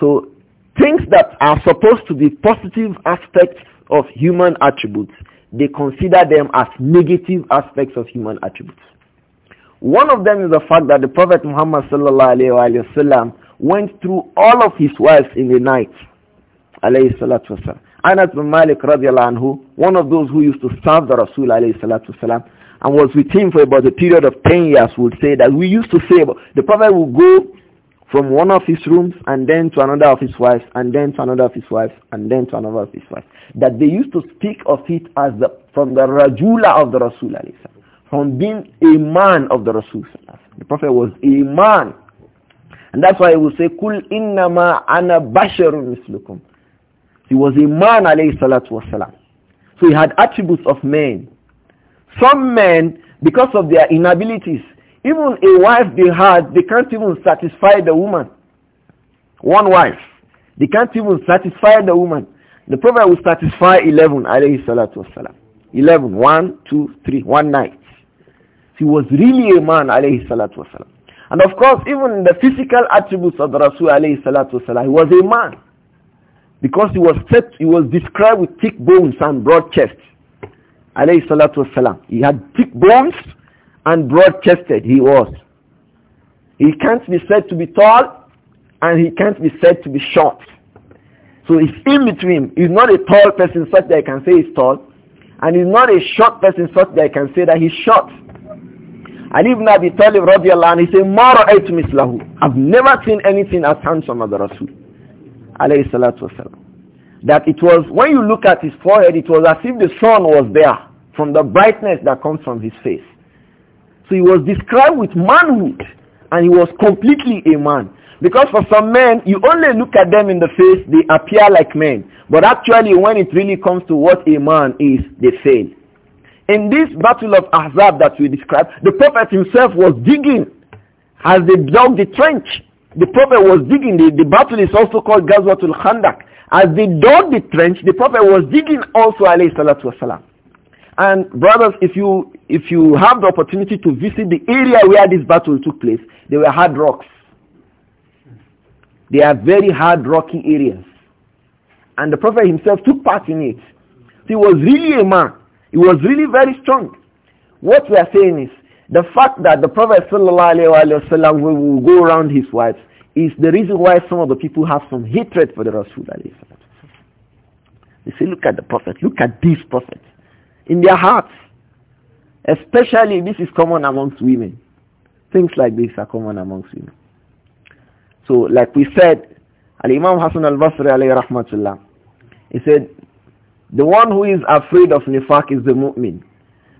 So things that are supposed to be positive aspects of human attributes, they consider them as negative aspects of human attributes. One of them is the fact that the Prophet Muhammad sallallahu alayhi wa went through all of his wives in the night. Anas bin Malik anhu, one of those who used to serve the Rasul and was with him for about a period of 10 years would say that we used to say the Prophet would go from one of his rooms and then to another of his wives and then to another of his wives and then to another of his wives. That they used to speak of it as the, from the Rajula of the Rasul from being a man of the Rasul. The Prophet was a man and that's why he will say, Kul innama ana basharun mislukum. He was a man, alayhi salatu wasalam. So he had attributes of men. Some men, because of their inabilities, even a wife they had, they can't even satisfy the woman. One wife. They can't even satisfy the woman. The Prophet will satisfy 11, alayhi salatu wasalam. 11, 1, 2, 3, one night. He was really a man, alayhi salatu wasalam. And of course, even the physical attributes of the Rasul alayhi salatu wasalam, he was a man. Because he was, set, he was described with thick bones and broad chest. Alayhi salatu wasalam. He had thick bones and broad chested he was. He can't be said to be tall and he can't be said to be short. So he's in between. He's not a tall person such that I can say he's tall and he's not a short person such that I can say that he's short. And ibn Abi Talib radiallahu anhu, he said, مَا mislahu. مِثْلَهُ I've never seen anything as handsome as the Rasul. Alayhi salatu wasalam. That it was, when you look at his forehead, it was as if the sun was there from the brightness that comes from his face. So he was described with manhood and he was completely a man. Because for some men, you only look at them in the face, they appear like men. But actually, when it really comes to what a man is, they fail. In this battle of Ahzab that we described, the Prophet himself was digging as they dug the trench. The Prophet was digging. The, the battle is also called Ghazwatul Khandak. As they dug the trench, the Prophet was digging also alayhi salatu wasalam. And brothers, if you, if you have the opportunity to visit the area where this battle took place, they were hard rocks. They are very hard rocky areas. And the Prophet himself took part in it. He was really a man. It was really very strong. What we are saying is the fact that the Prophet wasallam will go around his wives is the reason why some of the people have some hatred for the Rasul. They say, look at the Prophet, look at this Prophet. In their hearts, especially this is common amongst women. Things like this are common amongst women. So like we said, Al-Imam Hassan al-Basri alayhi rahmatullah, he said, the one who is afraid of nifaq is the mu'min.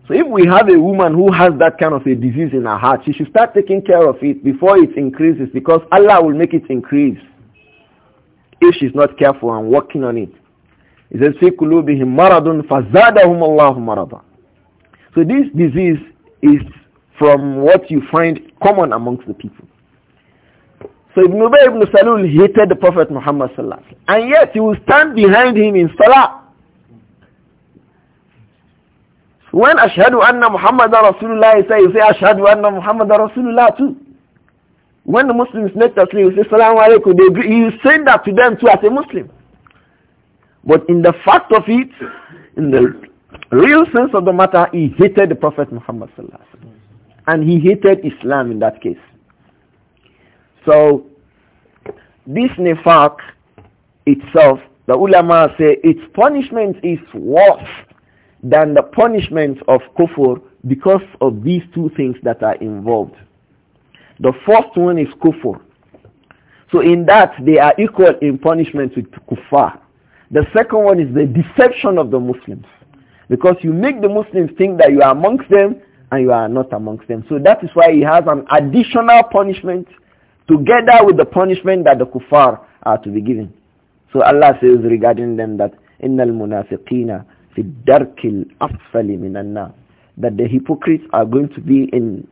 So if we have a woman who has that kind of a disease in her heart, she should start taking care of it before it increases because Allah will make it increase if she's not careful and working on it. says, قُلُوبِهِمْ مَرَضٌ فَزَادَهُمُ اللَّهُ مَرَضًا So this disease is from what you find common amongst the people. So Ibn Ubay ibn Salul hated the Prophet Muhammad sallallahu and yet he will stand behind him in salah. When Ashadu anna Muhammad Rasulullah you say, you say Ashadu anna Muhammad Rasulullah too. When the Muslims met us, you say Salaam alaikum, they agree. You say that to them too as a Muslim. But in the fact of it, in the real sense of the matter, he hated the Prophet Muhammad Sallallahu And he hated Islam in that case. So, this nifaq itself, the ulama say, its punishment is worse than the punishment of kufr because of these two things that are involved. The first one is kufr. So in that they are equal in punishment with kuffar. The second one is the deception of the Muslims. Because you make the Muslims think that you are amongst them and you are not amongst them. So that is why he has an additional punishment together with the punishment that the kufar are to be given. So Allah says regarding them that إِنَّ الْمُنَافِقِينَ في الدرك الأسفل من that the hypocrites are going to be in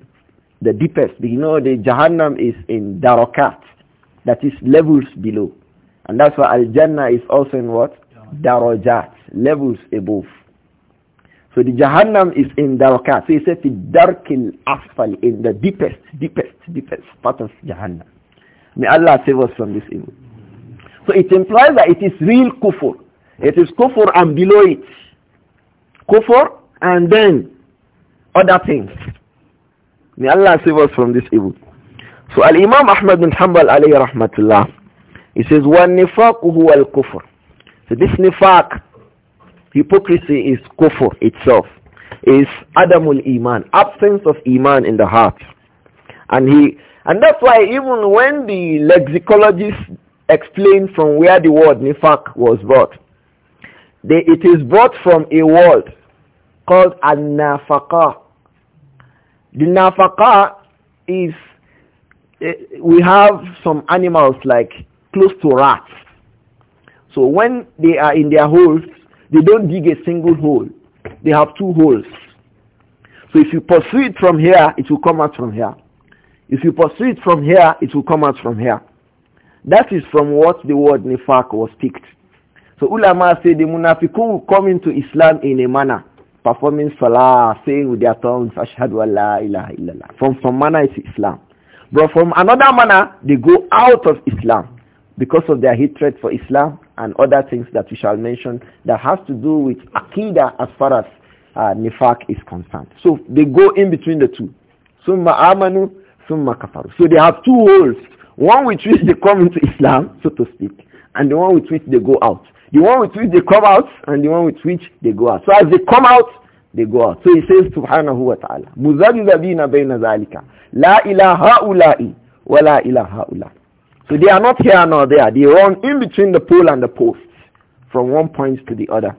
the deepest you know the Jahannam is in Darakat that is levels below and that's why Al-Jannah is also in what? Darajat levels above so the Jahannam is in Darakat so he said the الدرك الأسفل in the deepest deepest deepest part of Jahannam may Allah save us from this evil so it implies that it is real kufr it is kufr and below it kufr, and then other things. May Allah save us from this evil. So Al-Imam Ahmad bin Hanbal alayhi rahmatullah, he says, وَالنِّفَاقُ al-kufr." So this nifaq, hypocrisy is kufr itself, is adamul iman, absence of iman in the heart. And he, and that's why even when the lexicologists explain from where the word nifaq was brought, they, it is brought from a word called an-nafaqa. The nafaqa is, eh, we have some animals like close to rats. So when they are in their holes, they don't dig a single hole. They have two holes. So if you pursue it from here, it will come out from here. If you pursue it from here, it will come out from here. That is from what the word nifaq was picked. So ulama say the munafiqun coming come into Islam in a manner, performing salah, saying with their tongues, ashhadu an la ilaha illallah. From some manner is Islam. But from another manner, they go out of Islam because of their hatred for Islam and other things that we shall mention that has to do with akida as far as uh, nifaq is concerned. So they go in between the two. Summa amanu, summa kafaru. So they have two holes. One with which they come into Islam, so to speak, and the one with which they go out. The one with which they come out and the one with which they go out. So as they come out, they go out. So he says, Subhanahu wa ta'ala, Muzajizabina bayna zalika. La ilaha ula'i wa la ilaha ula. So they are not here nor there. They run in between the pole and the post from one point to the other.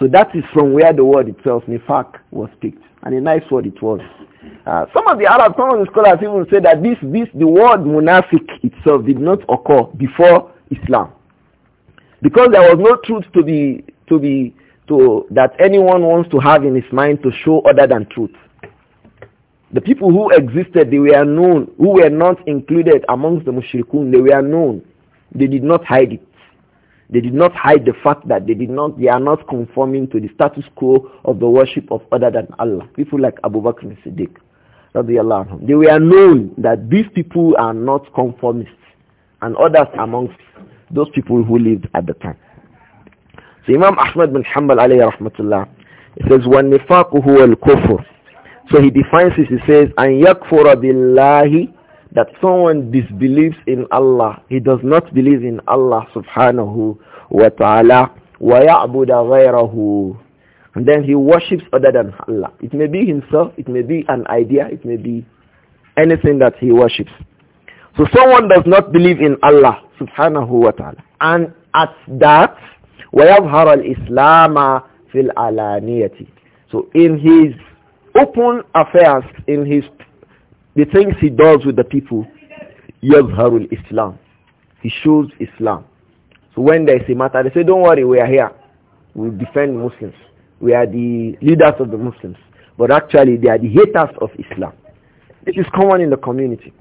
So that is from where the word itself, nifak, was picked. And a nice word it was. Uh, some of the Arab, some of the scholars even say that this, this, the word munafik itself did not occur before Islam. Because there was no truth to be, to be, to, that anyone wants to have in his mind to show other than truth. The people who existed, they were known, who were not included amongst the mushrikun, they were known. They did not hide it. They did not hide the fact that they did not, they are not conforming to the status quo of the worship of other than Allah. People like Abu Bakr and Siddiq. They were known that these people are not conformists and others amongst those people who lived at the time. So Imam Ahmad bin Hanbal alayhi rahmatullah, he says, وَالنِّفَاقُ هُوَ الْكُفُرُ So he defines this, he says, أَنْ يَكْفُرَ بِاللَّهِ That someone disbelieves in Allah. He does not believe in Allah subhanahu wa ta'ala. وَيَعْبُدَ غَيْرَهُ And then he worships other than Allah. It may be himself, it may be an idea, it may be anything that he worships. So someone does not believe in Allah subhanahu wa ta'ala. And at that, وَيَظْهَرَ الْإِسْلَامَ فِي الْعَلَانِيَةِ So in his open affairs, in his the things he does with the people, يَظْهَرُ Islam. He shows Islam. So when there is a matter, they say, don't worry, we are here. We defend Muslims. We are the leaders of the Muslims. But actually, they are the haters of Islam. This is common in the community.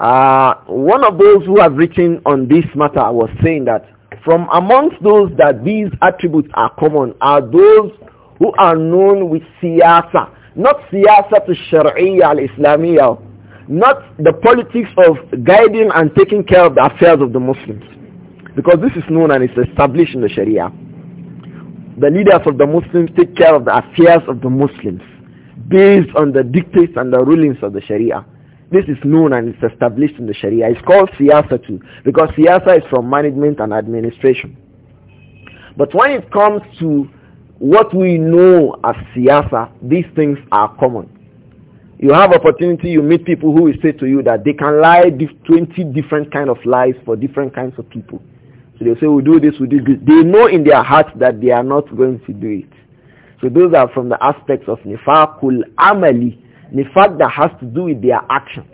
Uh, one of those who have written on this matter was saying that from amongst those that these attributes are common are those who are known with siyasa, not siyasa to sharia al-islamiyya, not the politics of guiding and taking care of the affairs of the Muslims. Because this is known and it's established in the sharia. The leaders of the Muslims take care of the affairs of the Muslims based on the dictates and the rulings of the sharia. This is known and it's established in the Sharia. It's called siyasa too because siyasa is from management and administration. But when it comes to what we know as siyasa, these things are common. You have opportunity, you meet people who will say to you that they can lie 20 different kind of lies for different kinds of people. So they say, we do this, we do this. They know in their heart that they are not going to do it. So those are from the aspects of nifaqul amali, the fact that has to do with their action.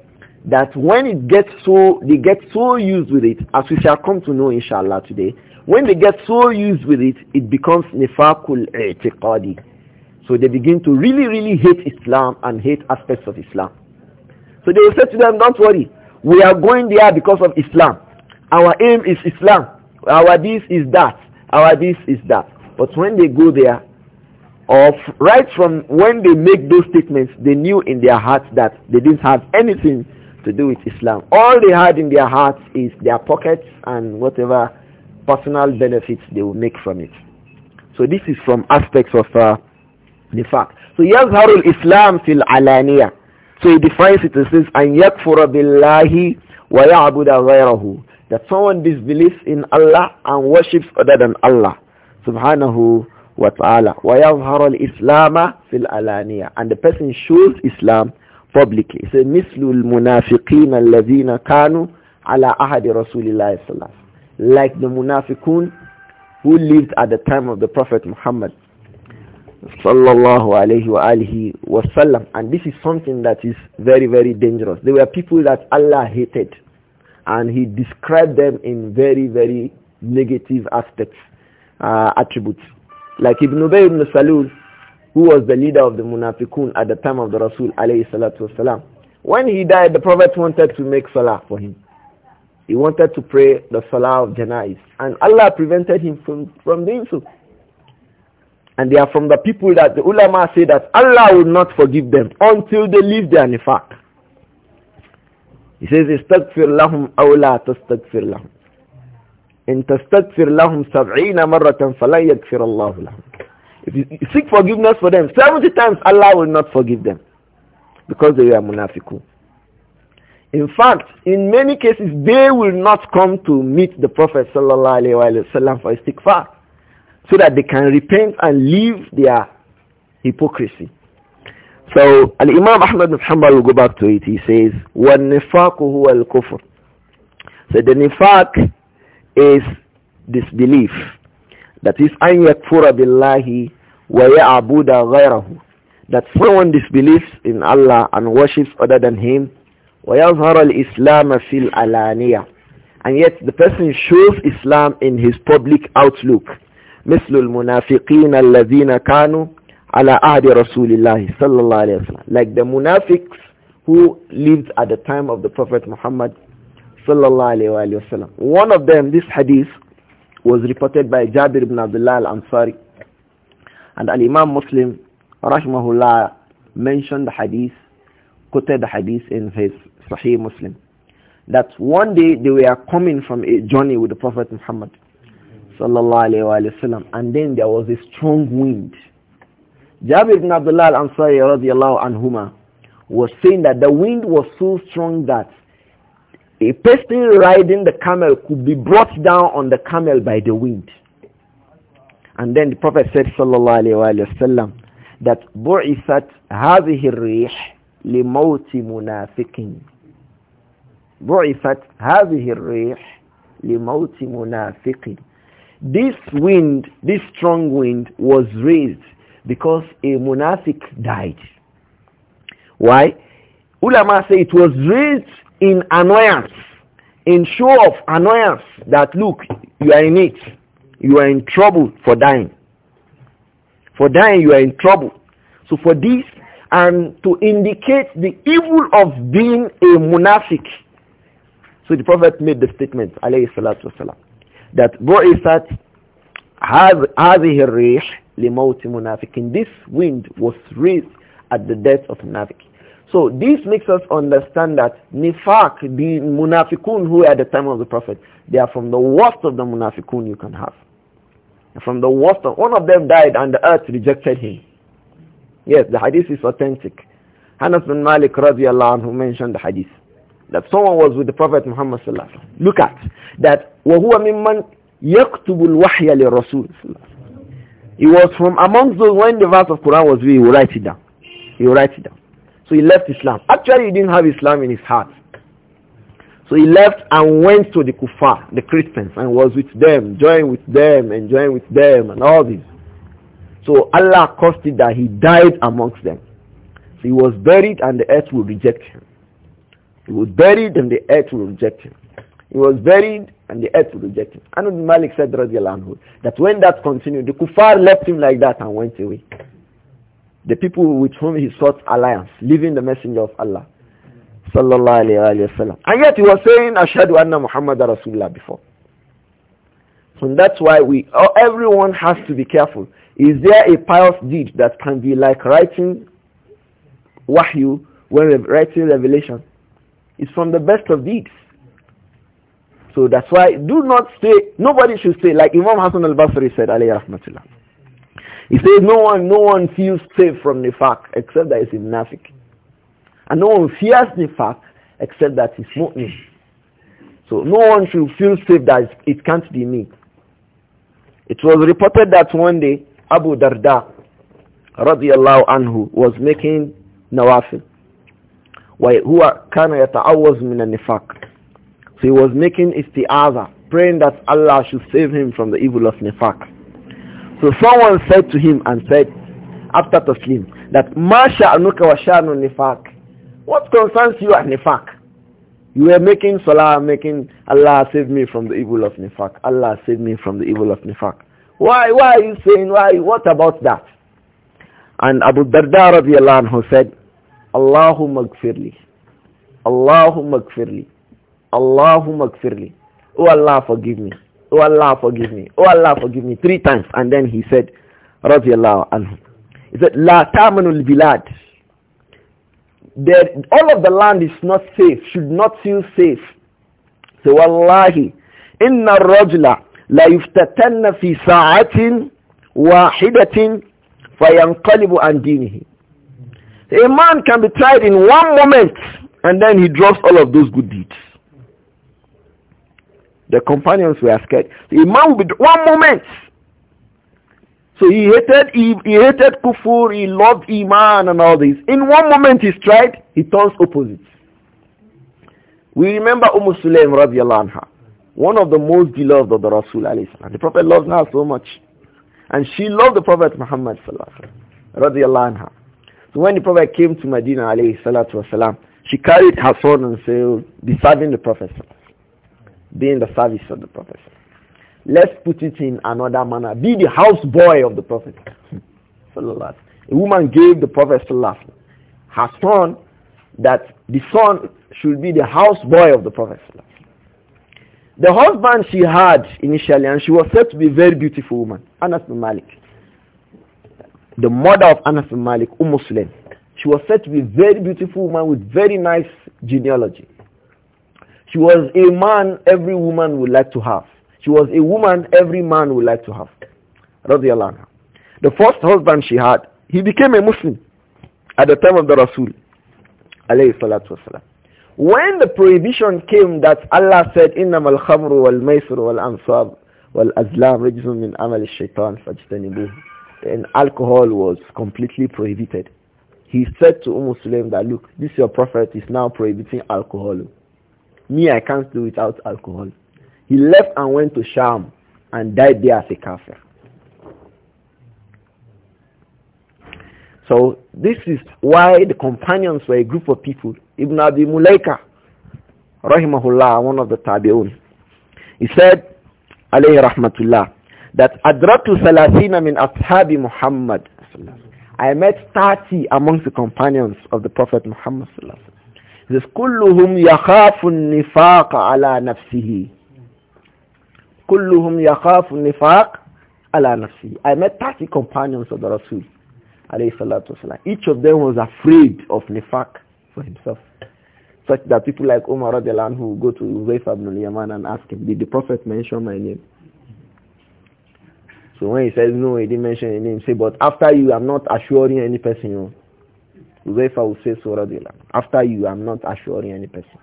That when it gets so, they get so used with it, as we shall come to know inshallah today, when they get so used with it, it becomes nefakul i'tiqadi. So they begin to really, really hate Islam and hate aspects of Islam. So they will say to them, don't worry, we are going there because of Islam. Our aim is Islam. Our this is that. Our this is that. But when they go there, of right from when they make those statements, they knew in their hearts that they didn't have anything to do with Islam. All they had in their hearts is their pockets and whatever personal benefits they will make from it. So this is from aspects of uh, the fact. So يظهر Islam في العلانية. So he defines it and says أن يكفر بالله ويعبد غيره. That someone disbelieves in Allah and worships other than Allah. Subhanahu wa ta'ala wa yadhharu al-islam fil alaniya and the person shows islam publicly it's a mislul munafiqin alladhina kanu ala ahadi rasulillah sallallahu like the munafiqun who lived at the time of the prophet muhammad sallallahu alayhi wa alihi wasallam and this is something that is very very dangerous they were people that allah hated and he described them in very very negative aspects uh, attributes like Ibn Ubay ibn Salul, who was the leader of the Munafiqun at the time of the Rasul alayhi salatu wasalam. When he died, the Prophet wanted to make salah for him. He wanted to pray the salah of Janais. And Allah prevented him from, from doing so. And they are from the people that the ulama say that Allah will not forgive them until they leave their nifaq. He says, استغفر lahum, أو لا تستغفر لهم. إن تستغفر لهم سبعين مرة فلن يغفر الله لهم If you seek forgiveness for them 70 times Allah will not forgive them because they are munafiqun In fact, in many cases they will not come to meet the Prophet sallallahu alaihi wasallam for istighfar so that they can repent and leave their hypocrisy. So Al-Imam Ahmad bin Hanbal will go back to it. He says, وَالنِّفَاقُ هُوَ الْكُفْرُ So the nifaq is disbelief. That is, أن يكفر بالله ويعبد ghayrahu That someone disbelieves in Allah and worships other than Him. ويظهر Islam fil alaniya, And yet the person shows Islam in his public outlook. مثل المنافقين الذين كانوا على عهد رسول الله صلى الله عليه وسلم. Like the munafiqs who lived at the time of the Prophet Muhammad sallallahu alayhi wa sallam. One of them, this hadith, was reported by Jabir ibn Abdullah al-Ansari. And al-Imam Muslim, rahimahullah, mentioned the hadith, quoted the hadith in his Sahih Muslim. That one day they were coming from a journey with the Prophet Muhammad sallallahu alayhi wa sallam. And then there was a strong wind. Jabir ibn Abdullah al-Ansari radiallahu anhuma was saying that the wind was so strong that a person riding the camel could be brought down on the camel by the wind. And then the Prophet said, sallallahu alayhi wa sallam, that بُعِثَتْ هَذِهِ الرِّيحِ لِمَوْتِ مُنَافِقٍ بُعِثَتْ هَذِهِ الرِّيحِ لِمَوْتِ مُنَافِقٍ This wind, this strong wind was raised because a munafiq died. Why? Ulama say it was raised in annoyance, in show of annoyance that look, you are in it. You are in trouble for dying. For dying, you are in trouble. So for this, and to indicate the evil of being a monastic. So the Prophet made the statement, alayhi salatu wasalam, that Bu'isat هذه الريح لموت منافق. This wind was raised at the death of a munafiq. So this makes us understand that nifaq, the munafiqun who at the time of the Prophet, they are from the worst of the munafiqun you can have. From the worst of, one of them died and the earth rejected him. Yes, the hadith is authentic. Hanas bin Malik radiallahu anhu mentioned the hadith. That someone was with the Prophet Muhammad sallallahu Look at that. وَهُوَ مِمَّنْ يَكْتُبُ الْوَحْيَ لِرَسُولِ He was from amongst those when the verse of Quran was read, he would write it down. He would write it down. So he left Islam. Actually, he didn't have Islam in his heart. So he left and went to the kuffar, the Christians, and was with them, joined with them, and joined with them, and all this. So Allah caused it that he died amongst them. So he was buried and the earth will reject him. He was buried and the earth will reject him. He was buried and the earth will reject him. And Malik said anhu, that when that continued, the kuffar left him like that and went away the people with whom he sought alliance, leaving the messenger of Allah. Sallallahu alayhi wa And yet he was saying, Ashadu anna Muhammad Rasulullah before. So that's why we, oh, everyone has to be careful. Is there a pious deed that can be like writing wahyu when writing revelation? It's from the best of deeds. So that's why do not stay, nobody should stay, like Imam Hassan al-Basri said, alayhi rahmatullah he says no one, no one feels safe from fact except that he's a Nafik. And no one fears fact except that he's mu'min. So no one should feel safe that it can't be me. It was reported that one day Abu Darda radiyallahu anhu was making nawafil. وهو كان يتعوذ من النفاق. So he was making isti'aza, praying that Allah should save him from the evil of nifak. So someone said to him and said, after Taslim, that Marsha sha'anuka wa sha'nu What concerns you at nifaq? You were making salah, making Allah save me from the evil of nifak. Allah save me from the evil of nifak. Why, why are you saying, why, what about that? And Abu Darda radiallahu anhu said, Allahumma gfirli. Allahumma gfirli. Allahumma gfirli. Oh Allah, forgive me. Oh Allah, forgive me. Oh Allah, forgive me. Three times. And then he said, Radiallahu anhu. He said, La tamanul bilad. That all of the land is not safe, should not feel safe. So wallahi, inna rajula la yuftatanna fi sa'atin wahidatin fayanqalibu an dinihi. A man can be tried in one moment and then he drops all of those good deeds. The companions were scared. The Imam would be one moment. So he hated he, he hated kufur, he loved iman and all this. In one moment he tried, he turns opposite. We remember Umm Sulaim radiallahu anha, one of the most beloved of the Rasul alayhi The Prophet loved her so much. And she loved the Prophet Muhammad sallallahu radiallahu anha. So when the Prophet came to Medina alayhi salatu wasalam, she carried her son and said, be serving the Prophet sallallahu be in the service of the Prophet. Let's put it in another manner. Be the houseboy of the Prophet. A woman gave the Prophet her son that the son should be the houseboy of the Prophet. The husband she had initially, and she was said to be a very beautiful woman, Anas bin Malik. The mother of Anas bin Malik, Umm Sulaim. She was said to be a very beautiful woman with very nice genealogy. She was a man every woman would like to have. She was a woman every man would like to have. Radiallahu The first husband she had, he became a Muslim at the time of the Rasul. When the prohibition came that Allah said, إِنَّمَا الْخَمْرُ وَالْمَيْسُرُ وَالْأَنْصَابُ وَالْأَزْلَامُ رِجْزٌ مِّنْ عَمَلِ الشَّيْطَانِ فَاجْتَنِبُوهُ and alcohol was completely prohibited. He said to Umm Sulaim that, look, this your prophet is now prohibiting alcohol. Me, I can't do without alcohol. He left and went to Sham and died there as a kafir. So this is why the companions were a group of people. Ibn Abi Mulaika, rahimahullah, one of the tabi'un, he said, alayhi rahmatullah, that adratu salatina min ashabi Muhammad. I met 30 amongst the companions of the Prophet Muhammad sallallahu he says, كلهم يخاف النفاق على نفسه. كلهم يخاف النفاق على I met 30 companions of the Rasul. Each of them was afraid of nifaq for himself. Such that people like Umar radiallahu who go to Uzayf ibn al-Yaman and ask him, did the Prophet mention my name? So when he says no, he didn't mention your name. Say, but after you, I'm not assuring any person. You know. Uzaifa will say so radiyallahu After you, I'm not assuring any person.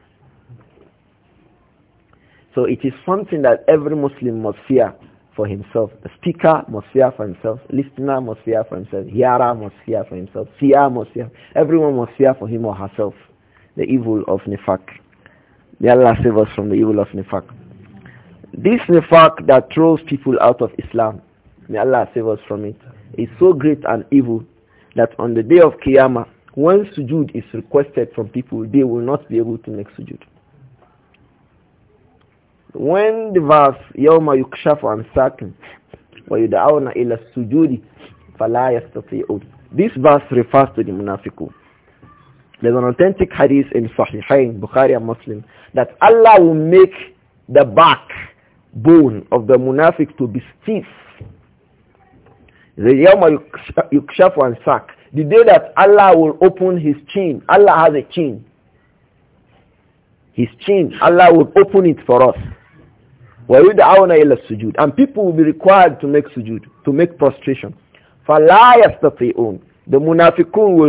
So it is something that every Muslim must fear for himself. The speaker must fear for himself. Listener must fear for himself. Hearer must fear for himself. Seer must fear. Everyone must fear for him or herself. The evil of nifak. May Allah save us from the evil of nifak. This nifak that throws people out of Islam. May Allah save us from It's so great an evil that on the day of Qiyamah, when sujood is requested from people, they will not be able to make sujood. When the verse يَوْمَ يُكْشَفُ عَنْ سَاكٍ وَيُدْعَوْنَ إِلَى السُّجُودِ فَلَا يَسْتَطِيعُونَ This verse refers to the munafiqun. There's an authentic hadith in Sahihain, Bukhari and Muslim, that Allah will make the back bone of the munafiq to be stiff. The يَوْمَ يُكْشَفُ عَنْ سَاكٍ the day that Allah will open his chin, Allah has a chin. His chin, Allah will open it for us. وَيُدْعَوْنَ And people will be required to make sujud, to make prostration. فَلَا يَسْتَطِعُونَ The munafiqun will